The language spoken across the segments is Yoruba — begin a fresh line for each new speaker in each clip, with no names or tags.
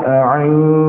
أعوذ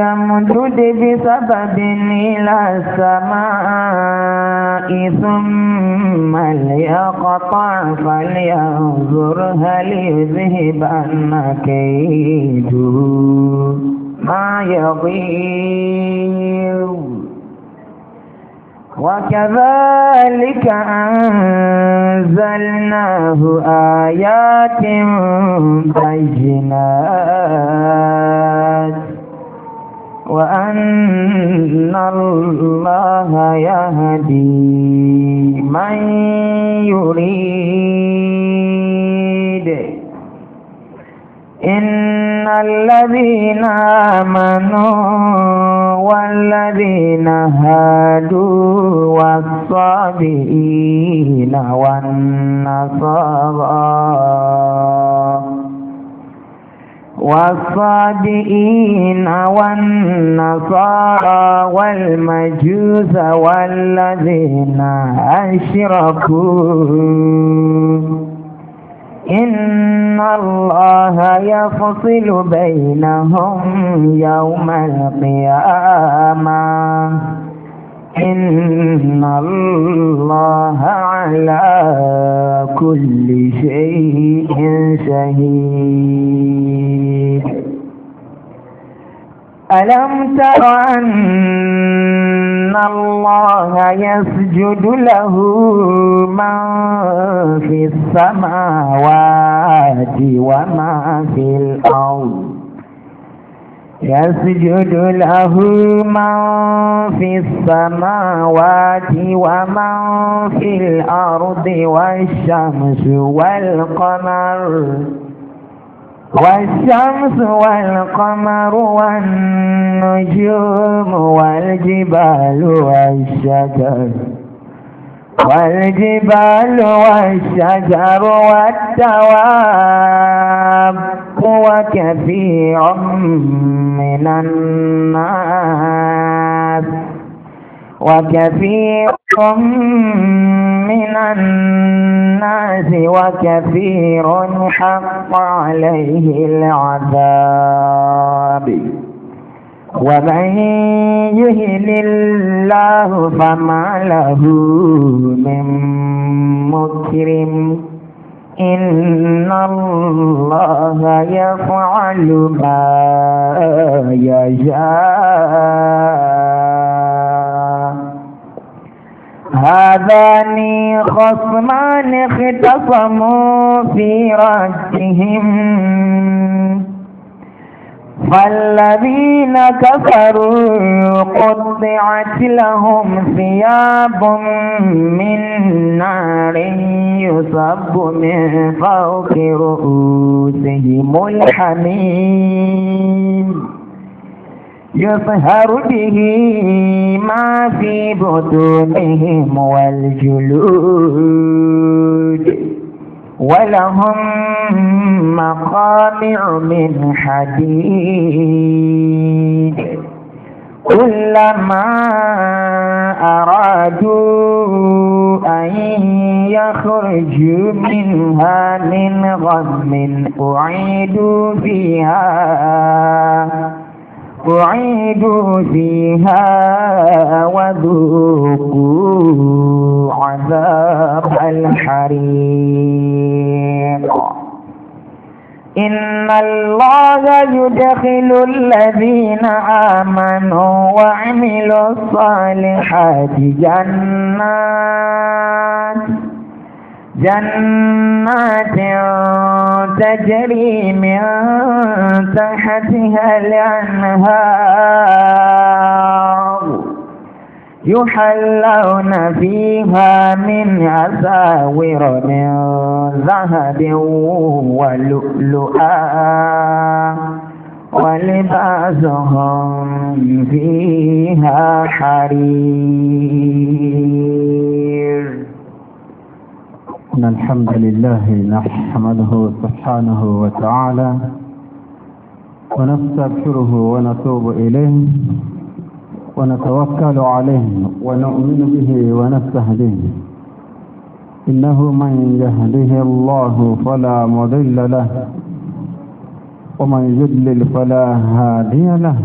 يمدد بسبب إلى السماء ثم ليقطع فلينظر هل يذهبن كيده ما يغيظ وكذلك أنزلناه آيات بينات وأن الله يهدي من يريد إن الذين آمنوا والذين هادوا والصابئين والنصارى والصابئين والنصارى والمجوس والذين أشركوا إن الله يفصل بينهم يوم القيامة إن الله على كل شيء شهيد ألم تر أن الله يسجد له من في السماوات وما في الأرض يسجد له من في السماوات ومن في الأرض والشمس والقمر والشمس والقمر والنجوم والجبال والشجر والجبال والشجر والدواب وكثير من الناس وكثير من الناس وكثير حق عليه العذاب ومن يهل الله فما له من مكرم إن الله يفعل ما يشاء هذان خصمان اختصموا في ربهم فالذين كفروا قطعت لهم ثياب من نار يصب من فوق رؤوسهم الحميم يظهر به ما في بطونهم والجلود ولهم مقامع من حديد كلما أرادوا أن يخرجوا منها من غم أعيدوا فيها أعيدوا فيها وذوقوا عذاب الحريق إن الله يدخل الذين آمنوا وعملوا الصالحات جنات جنات تجري من تحتها الأنهار يحلون فيها من أساور من ذهب ولؤلؤا ولباسهم فيها حرير
إن الحمد لله نحمده سبحانه وتعالى ونستغفره ونتوب إليه ونتوكل عليه ونؤمن به ونستهديه إنه من يهده الله فلا مضل له ومن يضلل فلا هادي له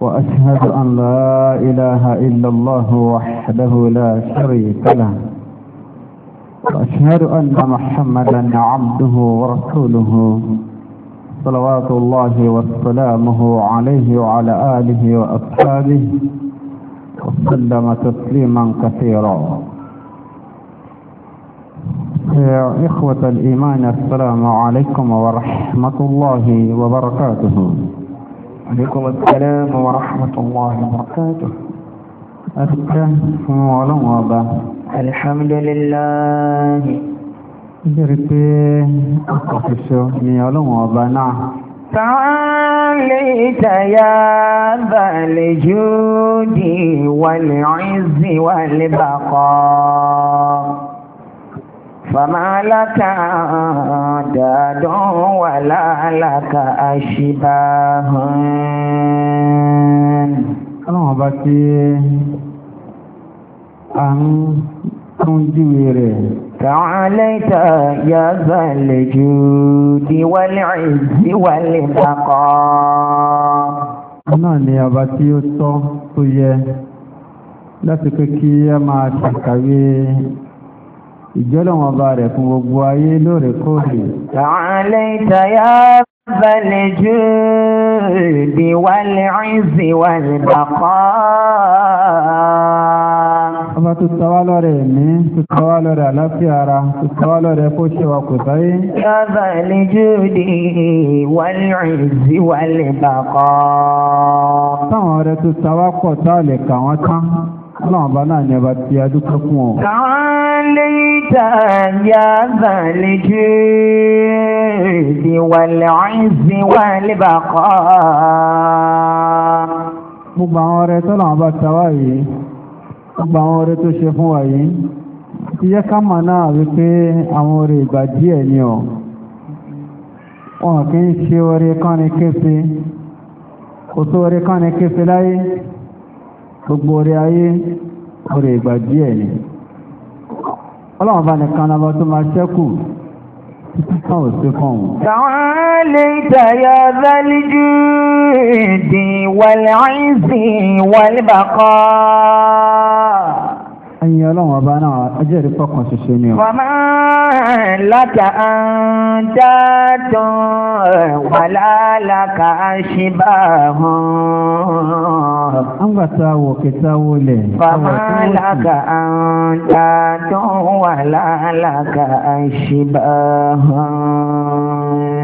وأشهد أن لا إله إلا الله وحده لا شريك له وأشهد أن محمدا عبده ورسوله صلوات الله وسلامه عليه وعلى آله وأصحابه وسلم تسليما كثيرا يا إخوة الإيمان السلام عليكم ورحمة الله وبركاته عليكم السلام ورحمة الله وبركاته أتكلم ولو alhamdulillah bẹ̀rẹ̀ pé ọ̀pọ̀ṣọ́ ni ọlọ́run ọba náà
Ta'alé ìtàyà bàlẹ̀ jùdí wàlẹ̀ ìzì wàlẹ̀ bàkọ́. Fàmà láka dàdán wà láàláka àṣìbáhùn. Ọlọ́run ọba tí تعاليت يا ذا الجود والعز والبقاء náà ni ọba tí ó tọ́ tó yẹ
láti pé kí ẹ máa ṣàkàwé ìjọ́lọ̀wọ̀n ọba rẹ̀ fún gbogbo
ayé lóòrèkóòrè. تعاليت يا ذا الجود والعز والبقاء
ọba tó tọwá lọ́rẹ̀ ẹ̀mí tó tọwá lọ́rẹ̀ àlàáfíà ara tó tọwá lọ́rẹ̀ kó ṣe wà kò sáyé. yàtọ̀ ìlẹ́jọ́ òde wàlúùrìsì wàlẹ̀ bàkọ́. táwọn ọ̀rẹ́ tó tọwá pọ̀ táà kà wọ́n tán
ọlọ́run bá náà ní ọba tí a fún ọ. káwọn lè ta yàtọ̀ ìlẹ́jọ́ òde wàlúùrìsì wàlẹ̀ bàkọ́. gbogbo àwọn ọ̀rẹ́ tọ́lọ́run bá tọwá yìí
gbogbo àwọn oore tó ṣe fún wa yìí ti yẹ ká mọ̀ náà wípé àwọn oore ìgbà díẹ̀ ni ọ̀ wọn kì í ṣe oore kánni kéfe kò tó oore kánni kéfe láyé gbogbo oore ayé oore ìgbà díẹ̀ ni ọlọ́run bá nìkan náà tó máa ṣẹ́kù
تعاليت يا ذا الجود والعز والبقاء ẹ̀yin ọlọ́run ọba náà ajẹ́rìí pọ̀kan ṣoṣo ni o. wàmà lákà ń dá tán wàlálàkà ṣíbà hàn. àǹgbà tá a wò kẹta wò lẹ̀. wàmà lákà ń dá tán wàlálàkà ṣíbà hàn.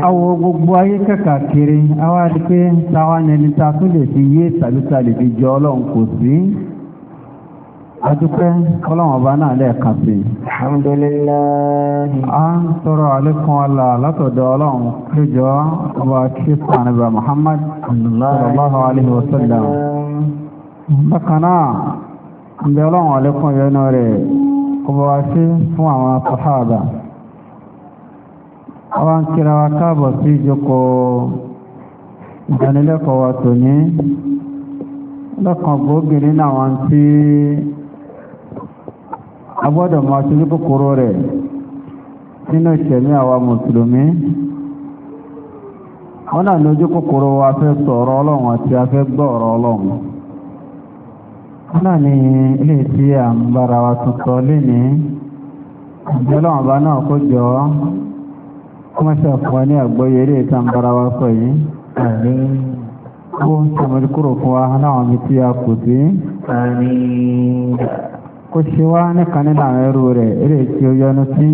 àwọn gbogbo ayé kẹ̀kà kiri àwa di
pé táwa nẹni ta tún lè fi yé tàbí ta lè fi jọ ọlọ́run kò sí adúpẹ́ kọ́lọ́wọ̀n bá náà lẹ́ẹ̀kan sí i. alhamdulilayi. a ń sọ̀rọ̀ alẹ́kùn ọ̀la látọ̀dọ̀ ọlọ́run péjọ ọba kíkọ́ àníbà muhammad sallallahu alayhi wa sallam. bákan náà ń bẹ ọlọ́run alẹ́kùn yẹnu rẹ̀ ọba wa sí fún àwọn sàhábà. àwa ń kíra wa káàbọ̀ sí ìjókòó ìdánilẹ́kọ̀ọ́ wa tòní lọ́kàn gbòógì nínú àwọn tí. a gbọ́dọ̀ máa ṣojú kòkòrò rẹ̀ nínú ìṣẹ̀mí àwa mùsùlùmí wọn náà ní ojú kòkòrò wa fẹ́ sọ̀rọ̀ ọlọ́run àti a gbọ́ ọ̀rọ̀ ọlọ́run wọn náà ní ilé tí à ń bára wa tuntun lénìí ìjọlọ́wọ́n bá náà kó jọ kó má ní àgbọ́yé ilé tí ń bára wa sọ yìí kó ṣe wá nìkan nínú àwọn ẹrú rẹ̀ eré tí ó yọ́nú sí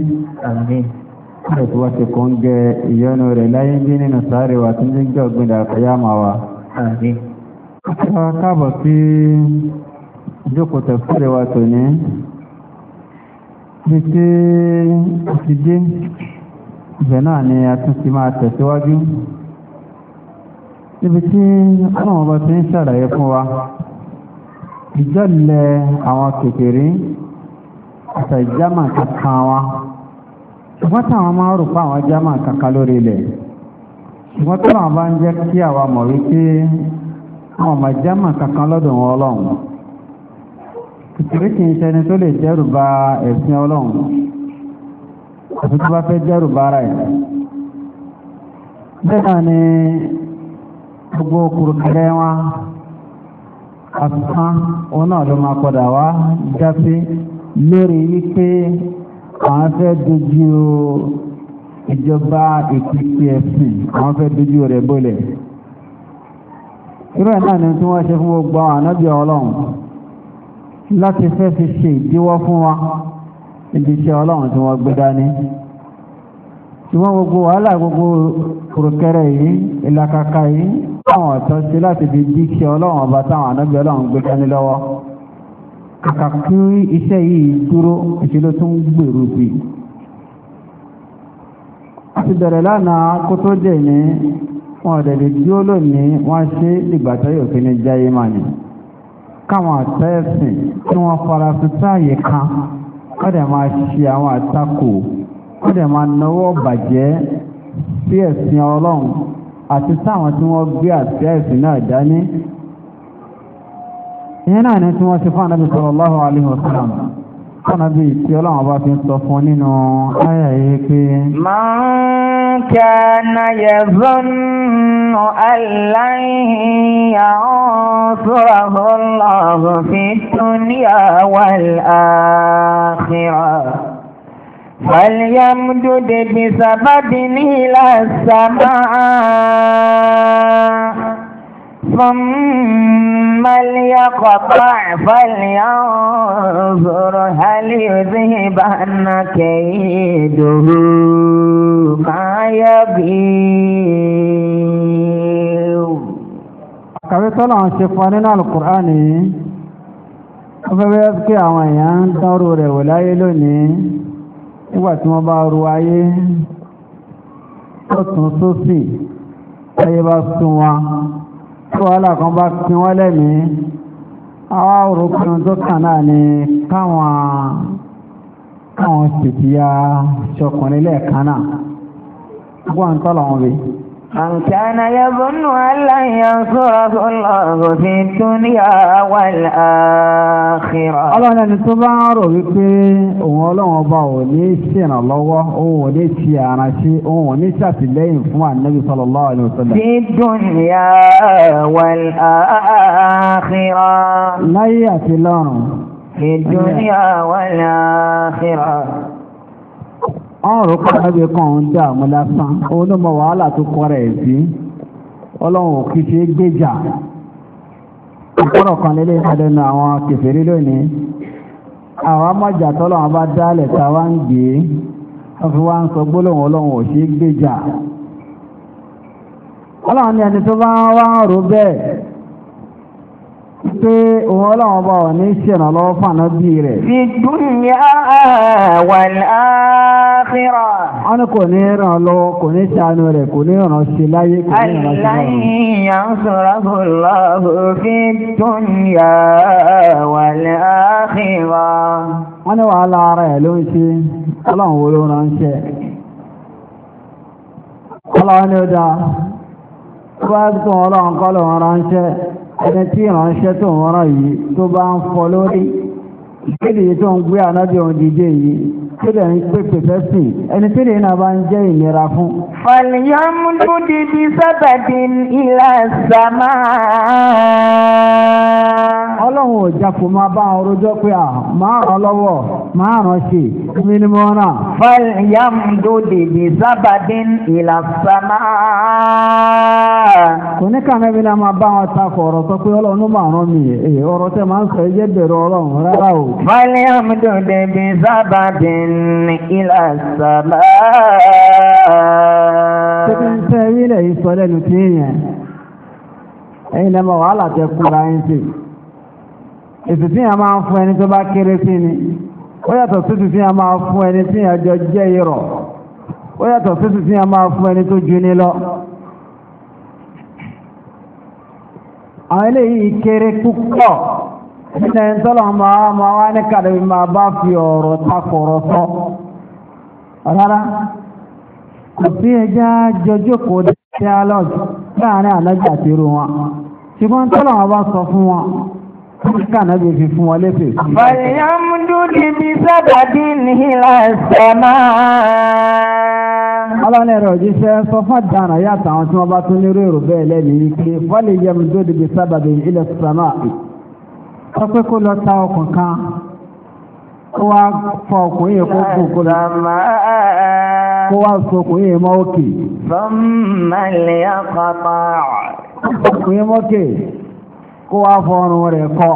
rẹ̀ tí wọ́n ti kún gẹ ìyọ́nú rẹ̀ láyé bí nínú sáré wa tí ń jẹ́ ọ̀gbìndà àkọyámà wa. Kíkọ́ káàbọ̀ sí ìjókòó tẹ̀síre wa tòní. Bí tí ó ti dé, ìbẹ̀ wa. ìjọ́lẹ̀ àwọn kékeré àtà ìjámà wa ṣùgbọ́n táwọn máa rò àwọn jámà kankan lórí ilẹ̀ ṣùgbọ́n tó náà bá ń jẹ́ kí àwa mọ̀ wípé àwọn ọmọ jámà kankan lọ́dọ̀ wọn ọlọ́run kékeré kì ṣẹni tó lè ẹ̀sìn ọlọ́run àti tó bá fẹ́ ẹ̀ bẹ́ẹ̀ náà ni gbogbo asán òun náà ló máa padà wá jásí lórí wípé àwọn fẹ́ dojú ìjọba ìpínpín ẹ̀sìn àwọn fẹ́ dojú rẹ̀ bólẹ̀ irú ẹ̀ náà ni tí wọ́n ṣe fún gbogbo àwọn ànábì ọlọ́run láti fẹ́ fi ṣe ìdíwọ́ fún wa ibi iṣẹ́ ọlọ́run tí wọ́n gbé dání ṣùgbọ́n gbogbo wàhálà gbogbo kùrùkẹrẹ yìí ìlàkàkà yìí àwọn ọ̀tọ́ sí láti fi díṣẹ́ ọlọ́run ọba táwọn ànábì ọlọ́run gbé dání lọ́wọ́ kàkà kí iṣẹ́ yìí dúró ìṣèlú tó ń gbèrú sí i. a ti bẹ̀rẹ̀ lánàá kó tó dé ní wọn ọ̀dẹ̀ lè dúró lónìí wọ́n ṣe ìgbà tó yóò fi ní jáyé mà ní. káwọn àtẹ́sìn tí wọ́n fara sí sáàyè kan wọ́n dẹ̀ máa ṣe àwọn àtakò kó dẹ̀ máa náwó bàjẹ́ sí ẹ̀sìn ọlọ́run àti sáwọn tí wọ́n gbé àti ẹ̀sìn náà dání ìyẹn náà ni tí wọ́n ti fún ànábì sallallahu alaihi wasallam kọ́nà bí tí ọlọ́run bá fi ń sọ fún nínú ayà yìí pé
man kana yazunnu allan yansurahu Allahu fi dunya wal akhirah فليمدد بسبب إلى السماء ثم ليقطع فلينظر هل يذهبن كيده ما يغيظ kàwé tọ́lọ̀ ń ṣe fún nínú alukùránì wọ́n fẹ́
bẹ́ẹ̀ kí àwọn èèyàn dánrò rẹ̀ wò láyé lónìí nígbà tí wọ́n bá ru ayé tọ́tún sósì ayé bá sún wọn tí wàhálà kan bá pín wọ́n lẹ́mìí àwọn òrùkùn tó kàn náà ni káwọn káwọn sì ti ya ṣọkùnrin lẹ́ẹ̀kan
náà gbọ́n tọ́lọ̀ wọn bíi. من كان يظن أن لن ينصره الله في الدنيا والآخرة ọlọ́run ẹni tó bá ń rò wípé òun ọlọ́run ọba ò ní ṣèràn lọ́wọ́ òun ò
ní ṣe ara ṣe òun ò ní ṣàtìlẹ́yìn fún ànábì sallallahu alaihi wasallam. في الدنيا
والآخرة.
láyé àti lọ́run. في الدنيا
والآخرة
ọ̀rọ̀ kọ́ ẹgbẹ́ kan ń dá àmú lásán òun ló mọ wàhálà tó kọ́ rẹ̀ sí ọlọ́run ò kì í ṣe é gbéjà ìkọ́rọ̀ kan lélẹ́ ìpàdánù àwọn kẹfẹ́rí lónìí àwọn amọ̀jà tọ́lọ́run bá dálẹ̀ tá a wá ń gbé wọ́n fi wá ń sọ gbólóhùn ọlọ́run ò ṣe gbéjà ọlọ́run ní ẹni tó bá wá ń rò bẹ́ẹ̀ pé òun ọlọ́run bá wà ní ìṣẹ̀rànlọ́wọ́ fànà bí rẹ̀. fi dúnyà
wal akhirah. wọ́n ní kò
ní ràn lọ́wọ́ kò ní ṣàánú rẹ̀ kò ní ràn ṣe láyé kò ní ràn ṣe lọ́wọ́. aláìyá ń sọ̀rọ̀ fúlọ́ọ̀bù fi dúnyà wal wọ́n ní wàhálà ara ẹ̀ ló ń ṣe ọlọ́run wo ló ránṣẹ́. ọlọ́run ni ó dáa. wọ́n á tún ọlọ́run kọ́ lọ́run ránṣẹ́ ẹni tí ìránṣẹ́ tó ń rán yìí tó bá ń fọ lórí ìkéde tó ń gbé ànábì òun dìde yìí kéde ń pèpè fẹ́sìn ẹni tí lè náà bá ń jẹ́ ìnira fún.
fàlìyàmúdú dídí sábàdì ìlà
sàmà. ọlọ́run ò jáfò máa bá àwọn orojọ́ pé à máa ràn lọ́wọ́ máa ràn ṣe mí ni mo ràn. fàlìyàmúdú dídí sábàdì ìlà sàmà. kò ní kàmẹ́ mi náà máa bá wọn takò ọ̀rọ̀ sọ pé ọlọ́run máa ràn mí ọ̀rọ̀ tẹ́ máa ń sọ ẹ̀jẹ̀ bẹ̀rẹ̀ ọlọ́run rárá
o. fàlìyàmúdú dídí sábàdì إلى السماء
تبين إليه صلاة نتينيا أينما وعلا تكون عينتي ìsìsìn a máa ń fún ẹni tó bá kéré sí ni ó yàtọ̀ sí ìsìsìn a máa fún ẹni tí àjọ jẹ́ irọ́ ó yàtọ̀ sí ìsìsìn a máa fún ẹni tó ju ní lọ àwọn eléyìí kéré púpọ̀ nínú ìtọ́lọ̀ máa ma wá ní kàdàbí máa bá fi ọ̀rọ̀ takọ̀rọ̀ sọ rárá kò sí ẹjá jọjọ́ kò dialogue láàrin ànájà àti irú wọn ṣùgbọ́n tọ́lọ̀ wọn bá sọ fún wọn Kíkànà bí fi fún wọn léfè. Fàyàm
ẹ̀rọ òjíṣẹ́
sọ fún àdánà yàtọ̀ tí wọ́n bá tún nírú èrò bẹ́ẹ̀ lẹ́nu yìí pé fọ́lì yẹm dúdú bí ọpẹ́ kó lọ ta ọkàn kan kó wá fọ ọkùnrin yẹn kó fò kó lọ kó wá so ọkùnrin yẹn mọ́ òkè. fọ́nmọ́lẹ̀
ọkọ̀tọ̀. ọkùnrin
yẹn kó wá fọ ọrùn rẹ̀ kọ́.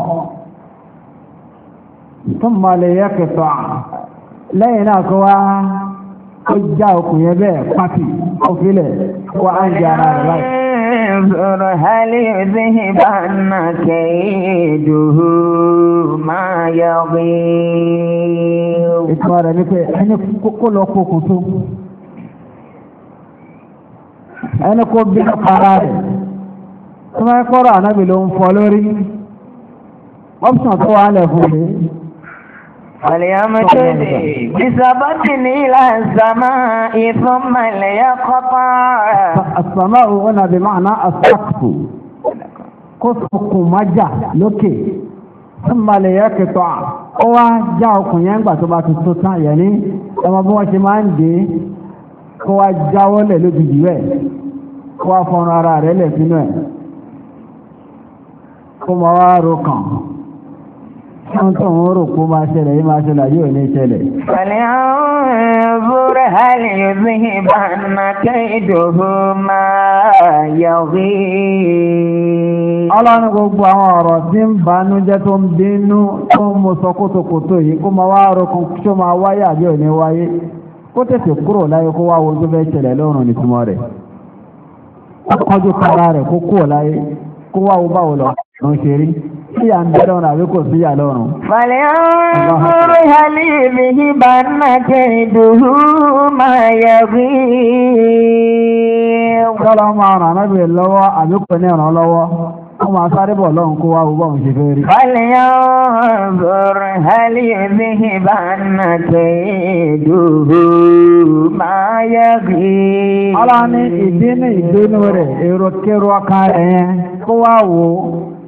fọ́nmọ́lẹ̀ yẹn kẹtọ́ lẹ́yìn náà kó wá ó já
ọkùnrin yẹn bẹ́ẹ̀ pátì kó kó á ń jẹ ara rẹ̀ báyìí. انظر هل يذهبن كيده ما يغيظ
ìtumọ̀ rẹ̀ ní pé ẹni kókó lọ kókùn tó ẹni kó bí ọpàá rẹ̀ tó máa kọ́rọ̀ ànábì ló ń fọ́ lórí ọ́pṣàn tó wà lẹ̀ fún mi فليمدد
بسبب إلى السماء ثم ليقطع
السماء هنا بمعنى السقف كسق مجا لوكي ثم ليقطع ó wá já ọkùn yẹn gbà tó bá ti tó tán yẹn ní ọmọ bí wọ́n ṣe máa ń dé kó wá jáwọ́lẹ̀ lójijì rẹ̀ kó wá fọ́nra ara rẹ̀ lẹ̀ sínú ẹ̀ kó máa wá ro kàn wọ́n tó ń rò kó máa ṣẹlẹ̀ yí máa ṣẹlẹ̀ yóò ní ṣẹlẹ̀. Pẹ̀lú
àwọn búrú hàlì sí ìbànà kéèdòhó máa yọrí. Ọlọ́run gbogbo àwọn ọ̀rọ̀ tí ń banújẹ́ tó ń bínú tó ń mú
yìí kó máa wá tó máa wáyé àbí wáyé. Kó kúrò láyé kó wá ṣẹlẹ̀ lọ́rùn ń ṣe rí sí à ń bẹ́ lọ́rùn àbí kò sí à lọ́rùn.
Fàlẹ́ ọ̀rọ̀ ìhàlì mi yí bá náà jẹ́ ìdòwú máa yẹ wí. Sọ́lá máa ràn ánábìrì lọ́wọ́ àbí kò ní ràn lọ́wọ́. Wọ́n máa sáré bọ̀ lọ́run kó wá wo bọ́ọ̀mù ṣe fẹ́ rí. Fàlẹ́ ọ̀rọ̀ ìhàlì mi yí bá náà jẹ́ ìdòwú máa yẹ wí. Ọlá ní ìdí ní ìdónú rẹ̀ èrò kérò ọkàn rẹ̀
kó wá wò ó.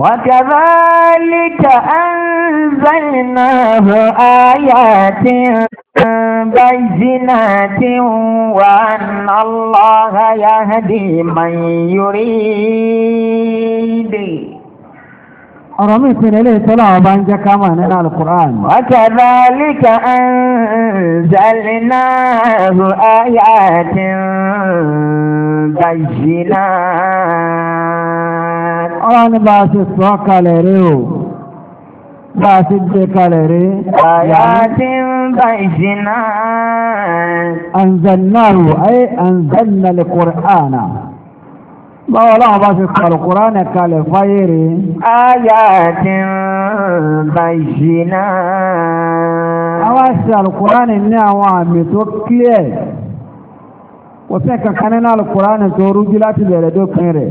وكذلك أنزلناه آيات بينات وأن الله يهدي من يريد أرامي سنالي سلاة بانجا كمان إلى القرآن وكذلك أنزلناه آيات بينات أرامي باس السواق لريو باس الدكا لري آيات بينات
أنزلناه أي أنزلنا القرآن Báwo láwọn bá ti kàrùkúrá nẹ kalẹ̀ fáyé rí? Ayá ti ń bá ìṣì náà. Àwọn àṣì àlùkúrá nì ní àwọn àmì tó kílẹ̀. Kò sí kankan nínú àlùkúrá nì tó rújú láti bẹ̀rẹ̀ dópin rẹ̀.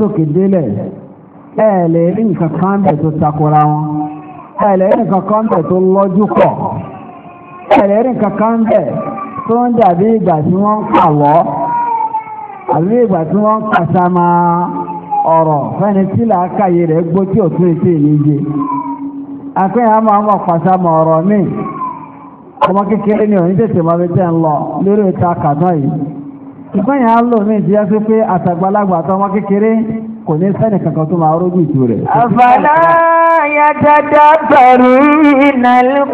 látòkè délẹ̀ ẹ lè rí nǹkan kan bẹ̀ tó takora wọn ẹ lè rí nǹkan kan bẹ̀ tó lọ́jú pọ̀ ẹ lè rí nǹkan kan bẹ̀ tó ń dàbí ìgbà tí wọ́n ń kàwọ́ àbí ìgbà tí wọ́n ń kàṣàmà ọ̀rọ̀ fẹ́ni tí làákàyè rẹ̀ gbó tí òtún ètè níje akẹ́yà máa ń wọ̀ kàṣàmà ọ̀rọ̀ míì ọmọ kékeré ni òní tètè máa fi tẹ́ ń lọ lórí ìta kàdán yìí ṣùgbọ́n yà á lò sí pé àtàgbàlagbà àtọmọ kékeré kò ní sẹ́nì kankan tó máa rógùn ìtú rẹ̀. àfàlà yàtàdà bẹ̀rù ìnàlẹ́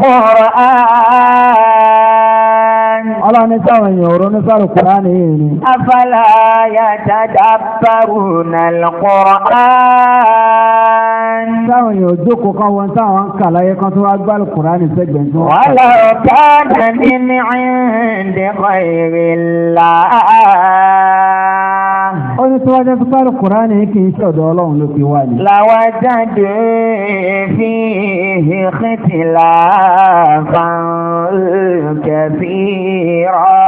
ọlọ́ni sáwọn èèyàn ọ̀rọ̀ ní sọ́rọ̀ Kùránì yìí ni. afala yatadabbaruna al-Qur'an. sáwọn
èèyàn òjókòó kan wọn táwọn ń kan tó wá gbá Kùránì sẹ́gbẹ̀ẹ́ tó. wala kana min 'indi
ghayrillah.
Ọdún tí wọ́n jẹ́ fún pẹ́rù Kùránì kì í ṣọ̀dọ̀ Ọlọ́run ló fi wà ní.
Làwa jáde fi ìhìnkìtì láàfàn kẹfì rọ̀.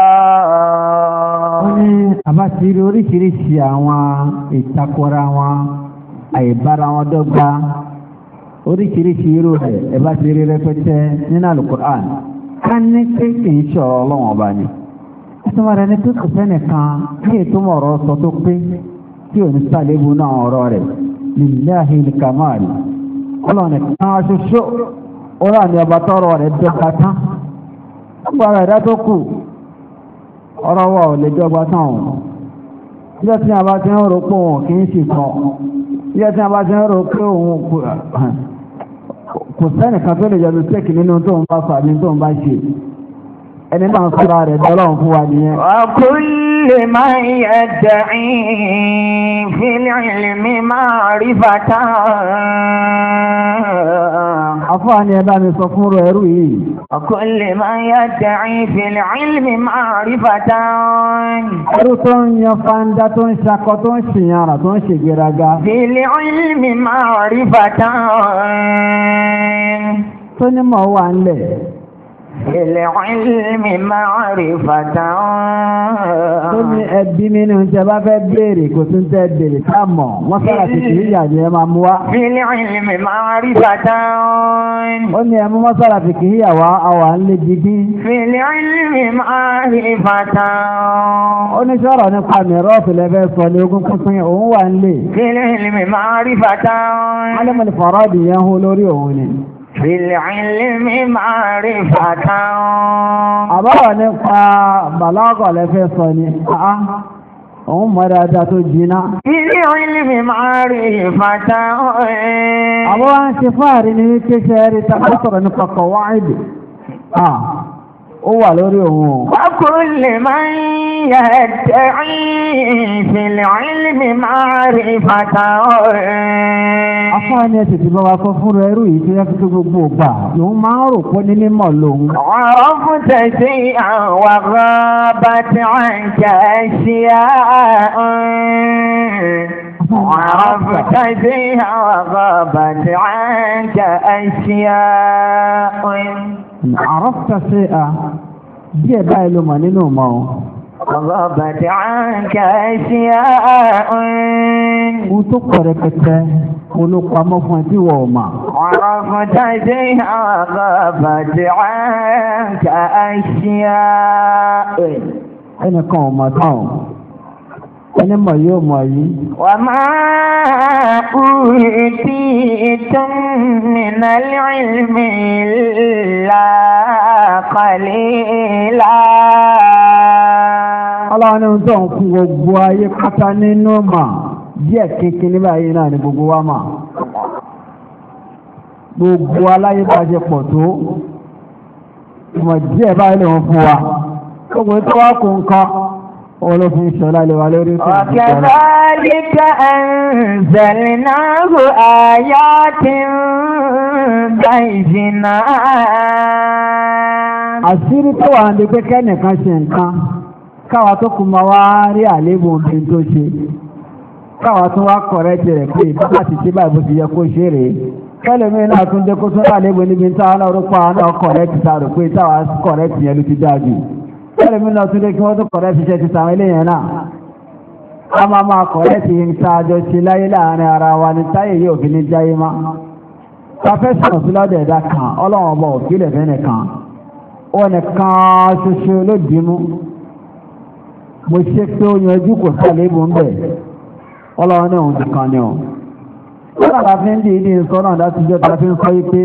Ó ní oríṣiríṣi àwọn
ìtakora wọn, àìbára wọn dọ́gba, oríṣiríṣi irú rẹ̀ ẹ̀bá ti rí rẹpẹtẹ nínú àlùkùránì. Ká ní pé kì í ṣọ̀rọ̀ ọba ni. ìtumọ̀ rẹ̀ ni pé kò sẹ́nìkan tí ìtumọ̀ ọ̀rọ̀ sọ tó pé tí ò ní sàlébù náà ọ̀rọ̀ rẹ̀ lillahi al-kamal ọlọ́ọ̀nì kan ṣoṣo ọlọ́ọ̀nì ọba tọrọ rẹ̀ dọ́gba tán ọgbà rẹ̀ dá tó kù ọ̀rọ̀ wa ò lè dọ́gba tán o ilé tí a bá ti ń rò pé òun kì í sì kọ́ ilé tí a bá ti ń rò pé òun kò sẹ́nìkan tó lè yọ lu sẹ́kì nínú tó ń bá fà ní tó ń bá ṣe ẹni náà sọ́ra rẹ̀ dọ́lọ́run fún wa nìyẹn.
ọkùnlé máa ń yẹ dẹ̀rín fílẹ̀ mi máa rí bàtà. afọ́wà ni ẹ bá mi sọ fún rọ ẹrú yìí. ọkùnlé máa ń yẹ dẹ̀rín fílẹ̀ mi máa rí bàtà. ẹrú tó ń yan fanda tó ń ṣakọ tó ń ṣìyànra tó ń ṣègbéraga. fílẹ̀ mi máa rí bàtà.
tó ní mọ̀ wà ń lẹ̀.
Ìlẹ̀kùnlẹ́mì máa rí fàtà ọ́n. ní
ẹbí mi ní oúnjẹ bá fẹ́ béèrè kò tún tẹ́ béèrè káàmọ̀. Wọ́n sára ti kìí yàjẹ́ ẹ máa mú wá. Ìlẹ̀kùnlẹ́mì máa rí fàtà ọ́n. Ó ní ẹmú wọ́n sára ti kìí yàwá àwà ń lé jígí.
Ìlẹ̀kùnlẹ́mì máa rí fàtà ọ́n.
Ó ní sọ̀rọ̀ nípa mìíràn ọ̀fìlẹ̀ fẹ́
sọ Bìlìlìmí máa rí fàtà Àbáwọ̀ nípa
bàlágọ̀ lẹ́fẹ́ sọ ni, àá, òun mọ̀ dáadáa tó jìnà. Ilé
ìlìmí máa rí fàtà ọ̀ẹ́. Àbáwọ̀ ń ṣe fáàrí ní wípé rí tàbí sọ̀rọ̀ nípa kọ̀wáìdì ó wà lórí òun o. wákùn lè máa ń yà ẹ̀tẹ́ ìfìlẹ̀ ìlmi máa rí fàtà ọ̀rẹ́. afáàní ẹ tètè bá wa sọ fún rẹ irú yìí tí wọ́n fi tó
gbogbo gbà lòun máa ń rò pé nílé mọ̀ lòun.
ọ̀rọ̀ fún tẹ̀sí àwọn ọ̀rọ̀ bá ti hàn kẹ́ ẹ̀ وعرفت بها وغابت عنك أشياء عرفت شيئا díẹ̀ báyìí ló mọ̀ nínú mọ̀ ọ́. وغابت عنك أشياء Mo tó pọ̀
rẹpẹtẹ, mo ló pamọ́ fún ẹbí wọ̀ ọ̀mà.
عرفت
بها وغابت عنك أشياء.
Ẹnìkan ò mọ̀ tán ẹni mọ̀ yóò mọ̀ yìí. wà máa kúrè tí ìtún nínà lẹ́rìnmí lákàlélá.
ọlọ́run ní tó ń kú gbogbo ayé pátá nínú mà díẹ̀ kínkín ní báyìí náà ni gbogbo wa mà. gbogbo aláyé bá pọ̀ tó ìmọ̀ díẹ̀ báyìí lòun fún wa. gbogbo
tó wá kó nǹkan olófin ṣọlá lè lórí fún ìjọba. tó
wà ní wá rí àléébù obìnrin tó ṣe káwa tó wá kọ̀rẹ́ tirẹ̀ pé bá ti ṣe báyìí bó ti yẹ kó ṣe rèé kẹlẹ̀mí náà tún jẹ́ kó rà lébo níbi táwọn ọlọ́run náà kọ̀rẹ́ ti ta pé táwọn kọ̀rẹ́ ti yẹn ló ti dáa ẹ̀rẹ̀ mi náà tún lé kí wọ́n tún kọ̀rẹ́ ti ṣe ti sàwọn eléyàn náà a máa máa kọ̀rẹ́ ti ń ta àjọ ṣe láyé láàrin ara wa ní táyé yóò fi ní jáyé má pàfẹ́sọ̀n sí lọ́dọ̀ ẹ̀dá kan ọlọ́run ọba òkílẹ̀ fẹ́ nìkan ó nìkan ṣoṣo ló dìímú mo ṣe pé ó yanjú kò sálẹ̀ ibù ń bẹ̀ ọlọ́run náà nìkan ni ó lọ́dọ̀ àfi ń dì í ní sọ náà dá ti jẹ́ tàbí ń sọ yí pé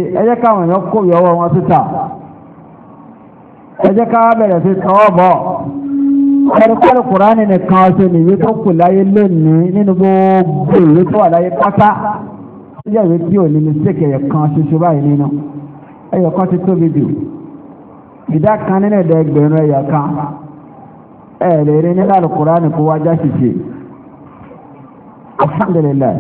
ẹ ẹjẹ́ ká bẹ̀rẹ̀ sí tọwọ́ bọ̀ kọ́rùkọ́rù kùránì nìkan ọ̀sẹ̀ nìyí tó kù láyé lónìí nínú gbogbo ìwé tó wà láyé pátá ó jẹ́ ìwé tí ò ní mistake ẹ̀yọ̀ kan ṣoṣo báyìí nínú ẹ̀yọ̀ kan ti tóbi jù ìdá kan nínú ẹ̀dá ẹgbẹ̀rún ẹ̀yọ̀ kan ẹ̀ rí nílànà kó wájá ṣìṣe alhamdulilayi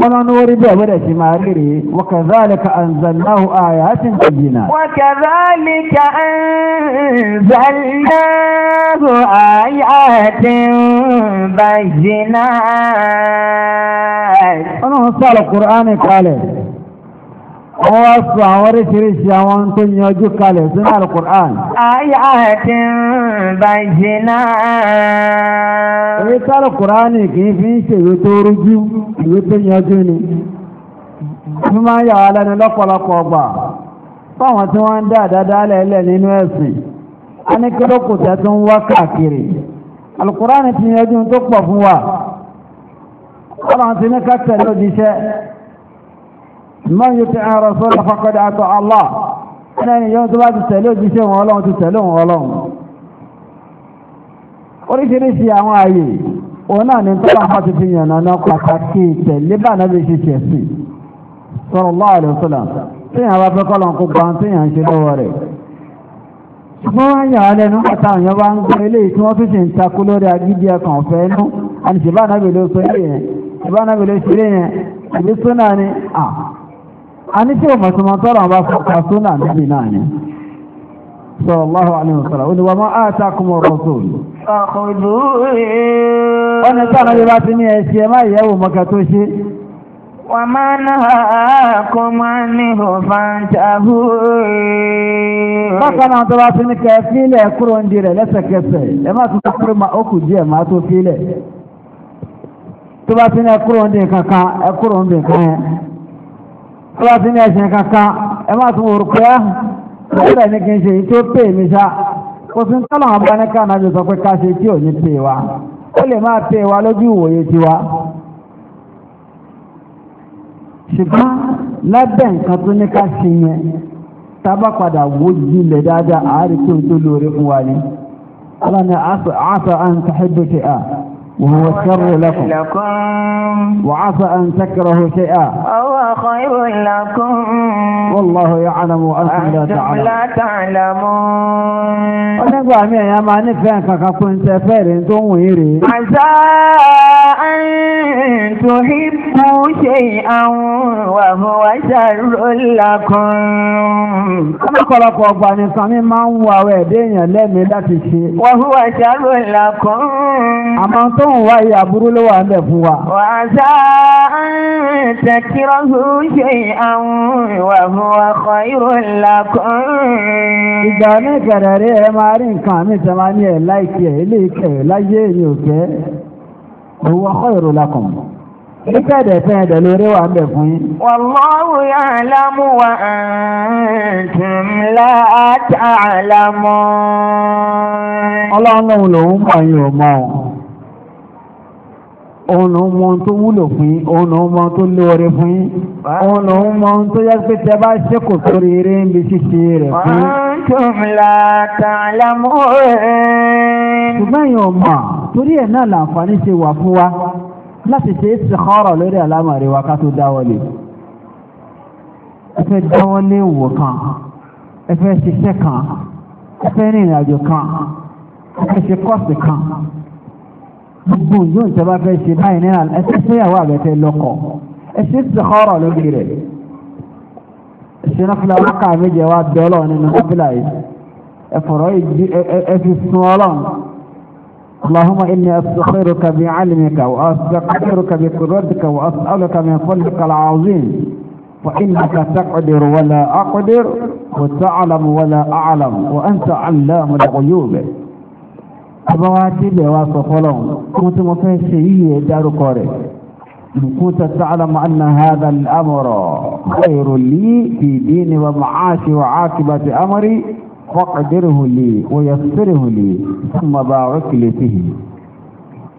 كما نورد ورد ماريري وكذلك أنزلناه
آيات بينات وكذلك أنزلناه آيات بينات أنا هصال القرآن قال Wọ́n àwọn
oríṣiríṣi àwọn tó ní ọjọ́ kalẹ̀ sínú náà. Èyí tí al fi ń ṣe ìwé tó ìwé tó ní ọjọ́ ni. Mo máa ń yà wá lẹ́nu lọ́pọ̀lọpọ̀ ọgbà. Fáwọn tí wọ́n ń dá àdáadáa lẹ́lẹ̀ nínú ẹ̀sìn. A ní kí tó ń wá káàkiri. tó pọ̀ fún wa. Ọlọ́run ti ní ká tẹ̀lé من يطع الرسول فقد اطاع الله انا يوم tó bá ti tẹ̀lé òjíṣẹ́ wọn Ọlọ́run ti tẹ̀lé wọn Ọlọ́run oríṣiríṣi àwọn ààyè ti fi yànnà náà pàtàkì tẹ̀lé bá náà lè ṣe ṣe sí sallallahu alaihi wasallam tíyàn bá fẹ́ kọ́lọ̀ kó gbọ́n tíyàn ṣe lọ́wọ́ ṣùgbọ́n wọ́n yàn án lẹ́nu àwọn bá ń gbọ́ ilé tí wọ́n tún ṣe ń takú lórí agídí ẹkàn ọ̀fẹ́ inú àti ṣìbánàbì ló sọ ilé yẹn a ní tí òmọ̀túnmọ̀ tọ́rọ̀ bá sallallahu alaihi wasallam ó ní rasul
ni sáà náà bá ti
ní ẹ̀ṣì ẹ̀ máa yẹ̀wò mọ́kà tó ṣe
wọ́n máa náà kọ́ máa ní ọ̀fàǹtàhù bákan náà tó bá ti ní kẹ́
fílẹ̀ tó bá ti ní ẹ̀ṣẹ̀ kankan ẹ má tún orúkọ ẹ́ ìṣẹ̀lẹ̀ ní kí n ṣe tó pè mí ṣá kò sí ń tọ́lọ̀ wọn bá ní káàná ju sọ pé ká ṣe tí ò ní pè wá ó lè máa pè wá lójú ìwòye tiwa ṣùgbọ́n lábẹ́ nǹkan tó ní ká ṣe yẹn tábà padà wó jinlẹ̀ dáadáa àárí tó ń tó lóore fún wa ni. Allah ni asa an tahibbu وهو شر لكم, وعسى أن تكرهوا شيئا
وهو خير لكم
والله يعلم وأنتم لا
تعلمون ونقوى ما عسى أن تحبوا شيئا وهو شر لكم
ọ̀pọ̀lọpọ̀ ọgbà nìkan
tó ń wá ìyà burú ló wà ńbẹ̀ fún wa. wà á sá tẹ̀kírọ́ ṣe àwọn ìwà fún ọkọ̀ ìrò ńlá kan. ìgbà ní ìkẹ̀rẹ̀ rí ẹ máa rí nǹkan ẹ̀dẹ̀ lórí
wà ńbẹ̀ fún yín.
Wallahu ya'lamu wa antum la ta'lamun. Ọlọ́run lòun mọ̀ yín ò mọ̀ ọ́n ọ̀nà ọmọ tó
wúlò fún yín ọ̀nà ọmọ tó lóore fún yín ọ̀nà ọmọ tó yẹ pé tẹ bá ṣe kò sórí eré ń bi ṣíṣe rẹ̀ fún la tàlámù rẹ̀. ṣùgbọ́n èèyàn mọ̀ torí ẹ̀ náà làǹfààní ṣe wà fún wa láti ṣe é ti kọ́rọ̀ lórí àlámọ̀rí wa ká tó gbogbo yóò ìjọba fẹ́ ṣe báyìí náà ẹsẹ̀ fẹ́yàwó àgbẹ̀tẹ̀ lọ́kọ̀ ẹsẹ̀ ti kọ́rọ̀ lórí rẹ̀ ẹsẹ̀ náfìlà wákà méje wá bẹ́ ọlọ́run nínú náfìlà yìí ẹ̀fọ̀rọ̀ ẹ̀fi sun ọlọ́run اللهم إني أستخيرك بعلمك وأستقدرك بقدرتك وأسألك من فضلك العظيم فإنك تقدر ولا أقدر وتعلم ولا أعلم وأنت علام الغيوب ọba wa débẹ̀ wa sọ fọlọ́ kó tí mo fẹ́ ṣe yìí ẹ̀ dárúkọ rẹ̀ nkú ta sàlá mu anna hada amọ̀rọ̀ khairu li fi dini wa ma'ashi wa akibati amari faqdirhu li wa yassirhu li thumma barik li fihi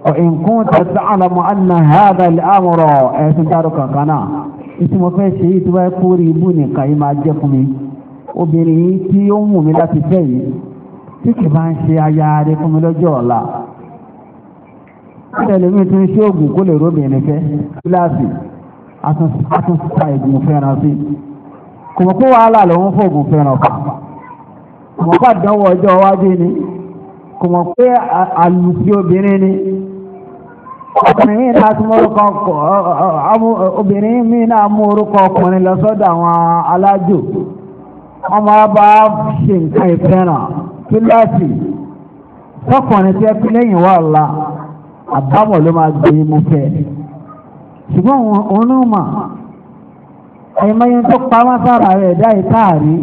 وإن كنت تعلم أن هذا الأمر ẹ̀sìn dárúkọ kan náà ìtí mo fẹ́ ṣe ìtura ẹ̀kú rí ibú nìkan yìí máa jẹ́ fún mi obìnrin tí ó mú mi láti fẹ́ tí kì bá ń ṣe aya rẹ fún mi lọ́jọ́ ọ̀la kí ẹlòmí tó ń ṣe oògùn kó lè róbìnrin fẹ́ kíláàsì atúnṣà ìgbìmọ̀ fẹ́ràn sí kò mọ̀ kó wàhálà lòun fóògùn fẹ́ràn kò mọ̀ kó àdánwò ọjọ́ iwájú ni kò mọ̀ pé obìnrin ni ọkùnrin yìí náà tún obìnrin náà kíláàsì tọkùnrin tí ẹ pín lẹ́yìn wà ọ̀la àbámọ̀ ló máa gbé mú fẹ́ ṣùgbọ́n òun náà mà àyèmáyé tó pamọ́ sára rẹ̀ dá ìtaàrí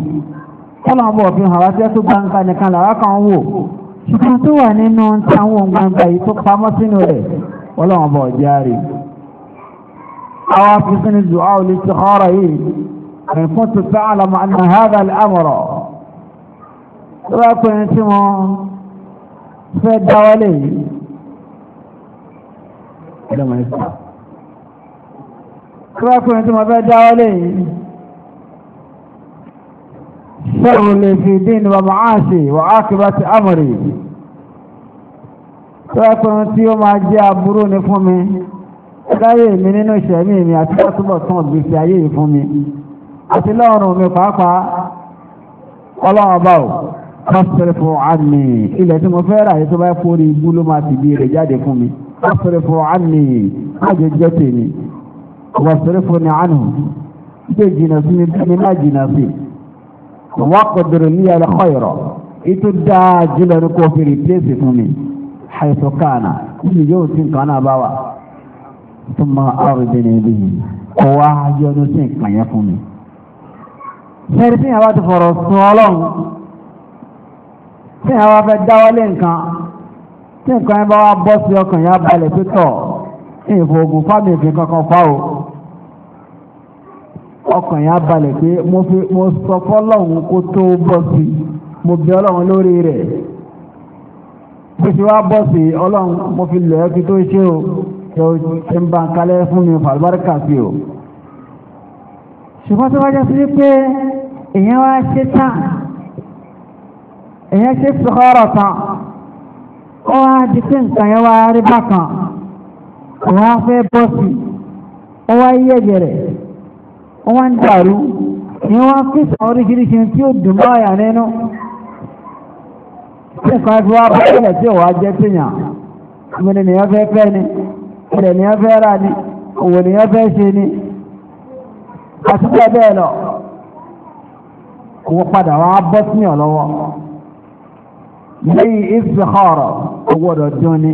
tọ́lọ́mọ́ bọ̀ fi hàn wá sí ẹ̀tún gbangba nìkan làwọn kan wò ṣùgbọ́n tó wà nínú táwọn gbangba yìí tó pamọ́ sínú rẹ̀ ọlọ́mọ́ bọ̀ járe àwọn afi sínú dùn áwòlì ti họ́rọ̀ yìí rìn fún tuntun àlàmọ́ àná hàdà
tó bá pẹ́ ẹni tí
wọ́n fẹ́ dáwọ́lé yìí ẹlẹ́mọ̀ ẹ̀sìn tó bá pẹ́ ẹni tí wọ́n fẹ́ dáwọ́lé yìí sharru li fi dini wa ma'ashi wa akibati amri tó bá pẹ́ ẹni tí ó máa jẹ́ aburú ni fún mi láyé mi nínú ìṣẹ̀mí mi àti látúbọ̀ tán gbèsè ayé yìí mi àti lọ́rùn mi pàápàá ọlọ́run ọba kọ́sẹ̀rẹ̀fọ̀ àmì ilẹ̀ tí mo fẹ́ rà yìí tó bá fórí igbó ló máa ti di rẹ̀ jáde fún mi kọ́sẹ̀rẹ̀fọ̀ àmì májè jẹ́ tèmi kọ́sẹ̀rẹ̀fọ̀ ní àánú gbé jìnà sí mi bí mi má jìnà sí wákọ̀dọ̀rọ̀ ní ẹ̀rọ kọ́yọ̀rọ̀ ètò dáa jùlọ ní kò fi rìpléṣì fún mi àìsàn kàánà níbi yóò ti nǹkan bá wà tó máa àrùn dènà ibi yìí kò wá yọnu sí nǹkan fún mi. sẹ́ẹ̀rì tí yàrá ti fọ̀rọ̀ sún tí àwọn afẹ́ dáwọ́lé nǹkan tí nǹkan ẹ bá wá bọ́ sí ọkàn yá balẹ̀ pítọ̀ ìfò ogun fámì ìfì kankan fá o ọkàn yá balẹ̀ pé mo sọ fọ́lọ́hun kó tó bọ́ sí mo bí ọlọ́run lórí rẹ̀ bó ṣe wá bọ́ sí ọlọ́run mo fi lọ ẹ́kí tó ṣe o ṣe o ṣe ń bá ń kalẹ̀ fún mi fàlùbáríkà sí o ṣùgbọ́n tó wájá sí pé èèyàn wá ṣe tán èyàn ṣe sọ́rọ̀ kan ó wá di pé nǹkan yẹn wá rí bákan ó wá fẹ́ bọ́ sí ó wá yẹ gẹ̀rẹ̀ ó wá ń dàrú ní wọ́n fi sàn oríṣiríṣi tí ó dùn mọ́ àyà nínú tí nǹkan fi wá bọ́ sílẹ̀ tí ò wá jẹ́ tìyàn ọmọ ènìyàn fẹ́ fẹ́ ni ọ̀rẹ́ ènìyàn fẹ́ rà ni òwò ènìyàn fẹ́ ṣe ni àti bẹ́ẹ̀ bẹ́ẹ̀ lọ kò padà wá bọ́ sí ọ̀ lẹ́yìn ìsìkọ́rọ̀ ọgbọ́dọ̀ dún ní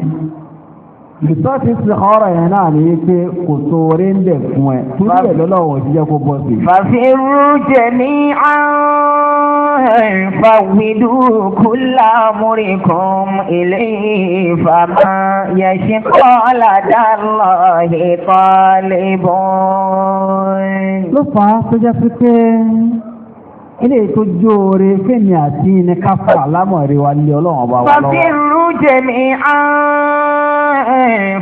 ìsọ́tí ìsìkọ́rọ̀ yẹn náà ní pé kò
tó rí ń dẹ̀ fún ẹ tún lè lọ́lọ́wọ́ jíjẹ́ kó bọ́ sí. fàfirú jẹ ní àárín fàwídú kúlà múrikùn ilé ìfàmà yẹ̀ṣin kọ́lá dánlọ ìtọ́lébọ́n. ló
fà á tó jẹ́ sí ilé tó jóore fẹ́mi àti ní káfà lámọ̀rí wa lé ọlọ́run ọba wa lọ́wọ́. fàbí
rújẹ̀ mi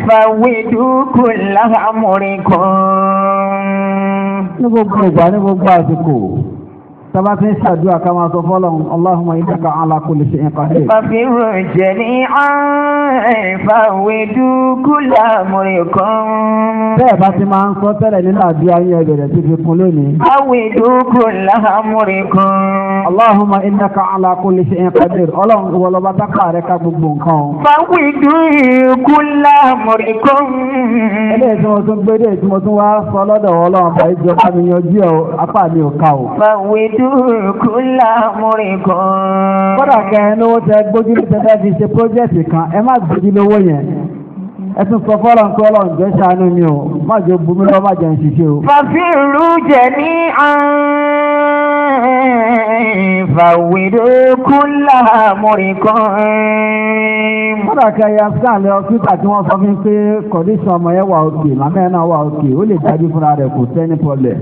fàwédúkù láhàmúrin kan. ní gbogbo ìgbà ní gbogbo àsìkò
tàbá tí ń ṣàdúrà ká máa sọ fọ́lọ̀un Allahumma innaka ala kulli shay'in qadir.
fàfihàn jẹ̀ní àìfàwẹ̀dú kúlà mọ̀rẹ̀ kan.
bẹ́ẹ̀ bá ti máa ń sọ tẹ́lẹ̀ nínú àdúrà yẹn bẹ̀rẹ̀ tí fi kún lónìí.
àwẹ̀dú kúlà mọ̀rẹ̀
kan. Allahumma innaka ala kulli shay'in qadir ọlọ́run ìwọlọ́ba dákà rẹ̀ ká gbogbo nǹkan. fàwẹ̀dú kúlà mọ̀rẹ̀ kan. eléyìí
kú lámúrin
kan. kódà kẹrin ló tẹ gbójúlé tẹ́tẹ́ fi ṣe pọ́jẹ́tì kan ẹ má gbójúlé owó yẹn ẹtún sọ fọ́lọ̀ nǹkan ọlọ́run jẹ́ ṣàánú mi o má
jẹ́ bumi lọ́ má jẹ́ ń ṣiṣẹ́ o. fàfírù jẹ ní fàwérò kúlà mọ̀rìn kan.
kódà kẹyà sáà lọ síta tí wọ́n sọ fún mi pé kọ̀díṣọ̀ ọmọ yẹn wà òkè màmá yẹn náà wà òkè ó lè dájú fúnra rẹ̀ kò sẹ́ni pọ̀lẹ̀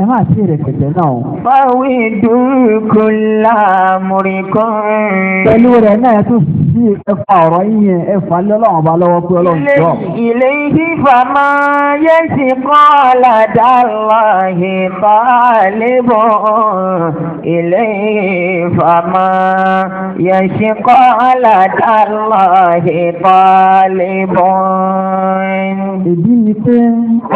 ẹ máa sí ìrẹ̀pẹ̀tẹ̀ náà.
fáwí dúkú lámùríkún. pẹ̀lú rẹ̀ náà ẹ tún sí ẹfà ọ̀rọ̀ yíyẹn ẹfà lọ́lọ́wọ́n bá lọ́wọ́ pé ọlọ́run jọ. ilé ìfífà máa yẹ sí kọ́ọ̀lá dàlọ́hì pàálíbọ̀. ilé ìfà máa yẹ sí kọ́ọ̀lá dàlọ́hì ìdí ni pé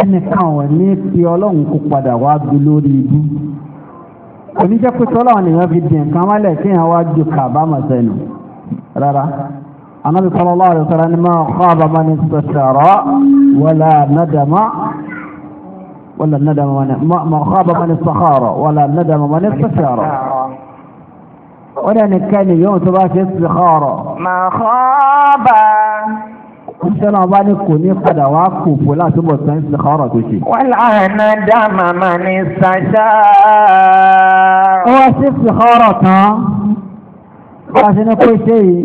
ẹnìkan ò ní fi ọlọ́run kó padà wá di lórí ibú oníjẹ́ pé tọ́lá wọn nìyẹn fi di nǹkan mọ́lẹ̀ kí yẹn wá ju kàbámọ̀ sẹ́nu rárá anábì sallallahu alaihi wasallam ni máa kọ́ àbámọ́ ní sọ̀rọ̀ wala nadama ولا ندم من ما خاب من استخار ولا ندم من استشار ولا نكان يوم تباش استخارة
ما
خاب
Oníṣẹ́ náà bá ní kò ní padà wá kò fò láti bọ̀ sẹ́yìn sí ọ̀rọ̀ tó ṣe.
Wọ́n láàánú dá màmá ní sàṣà. Ó wá sí
ìsìnkọ́rọ̀ tán. Bá a ṣe ní kó ṣe yìí.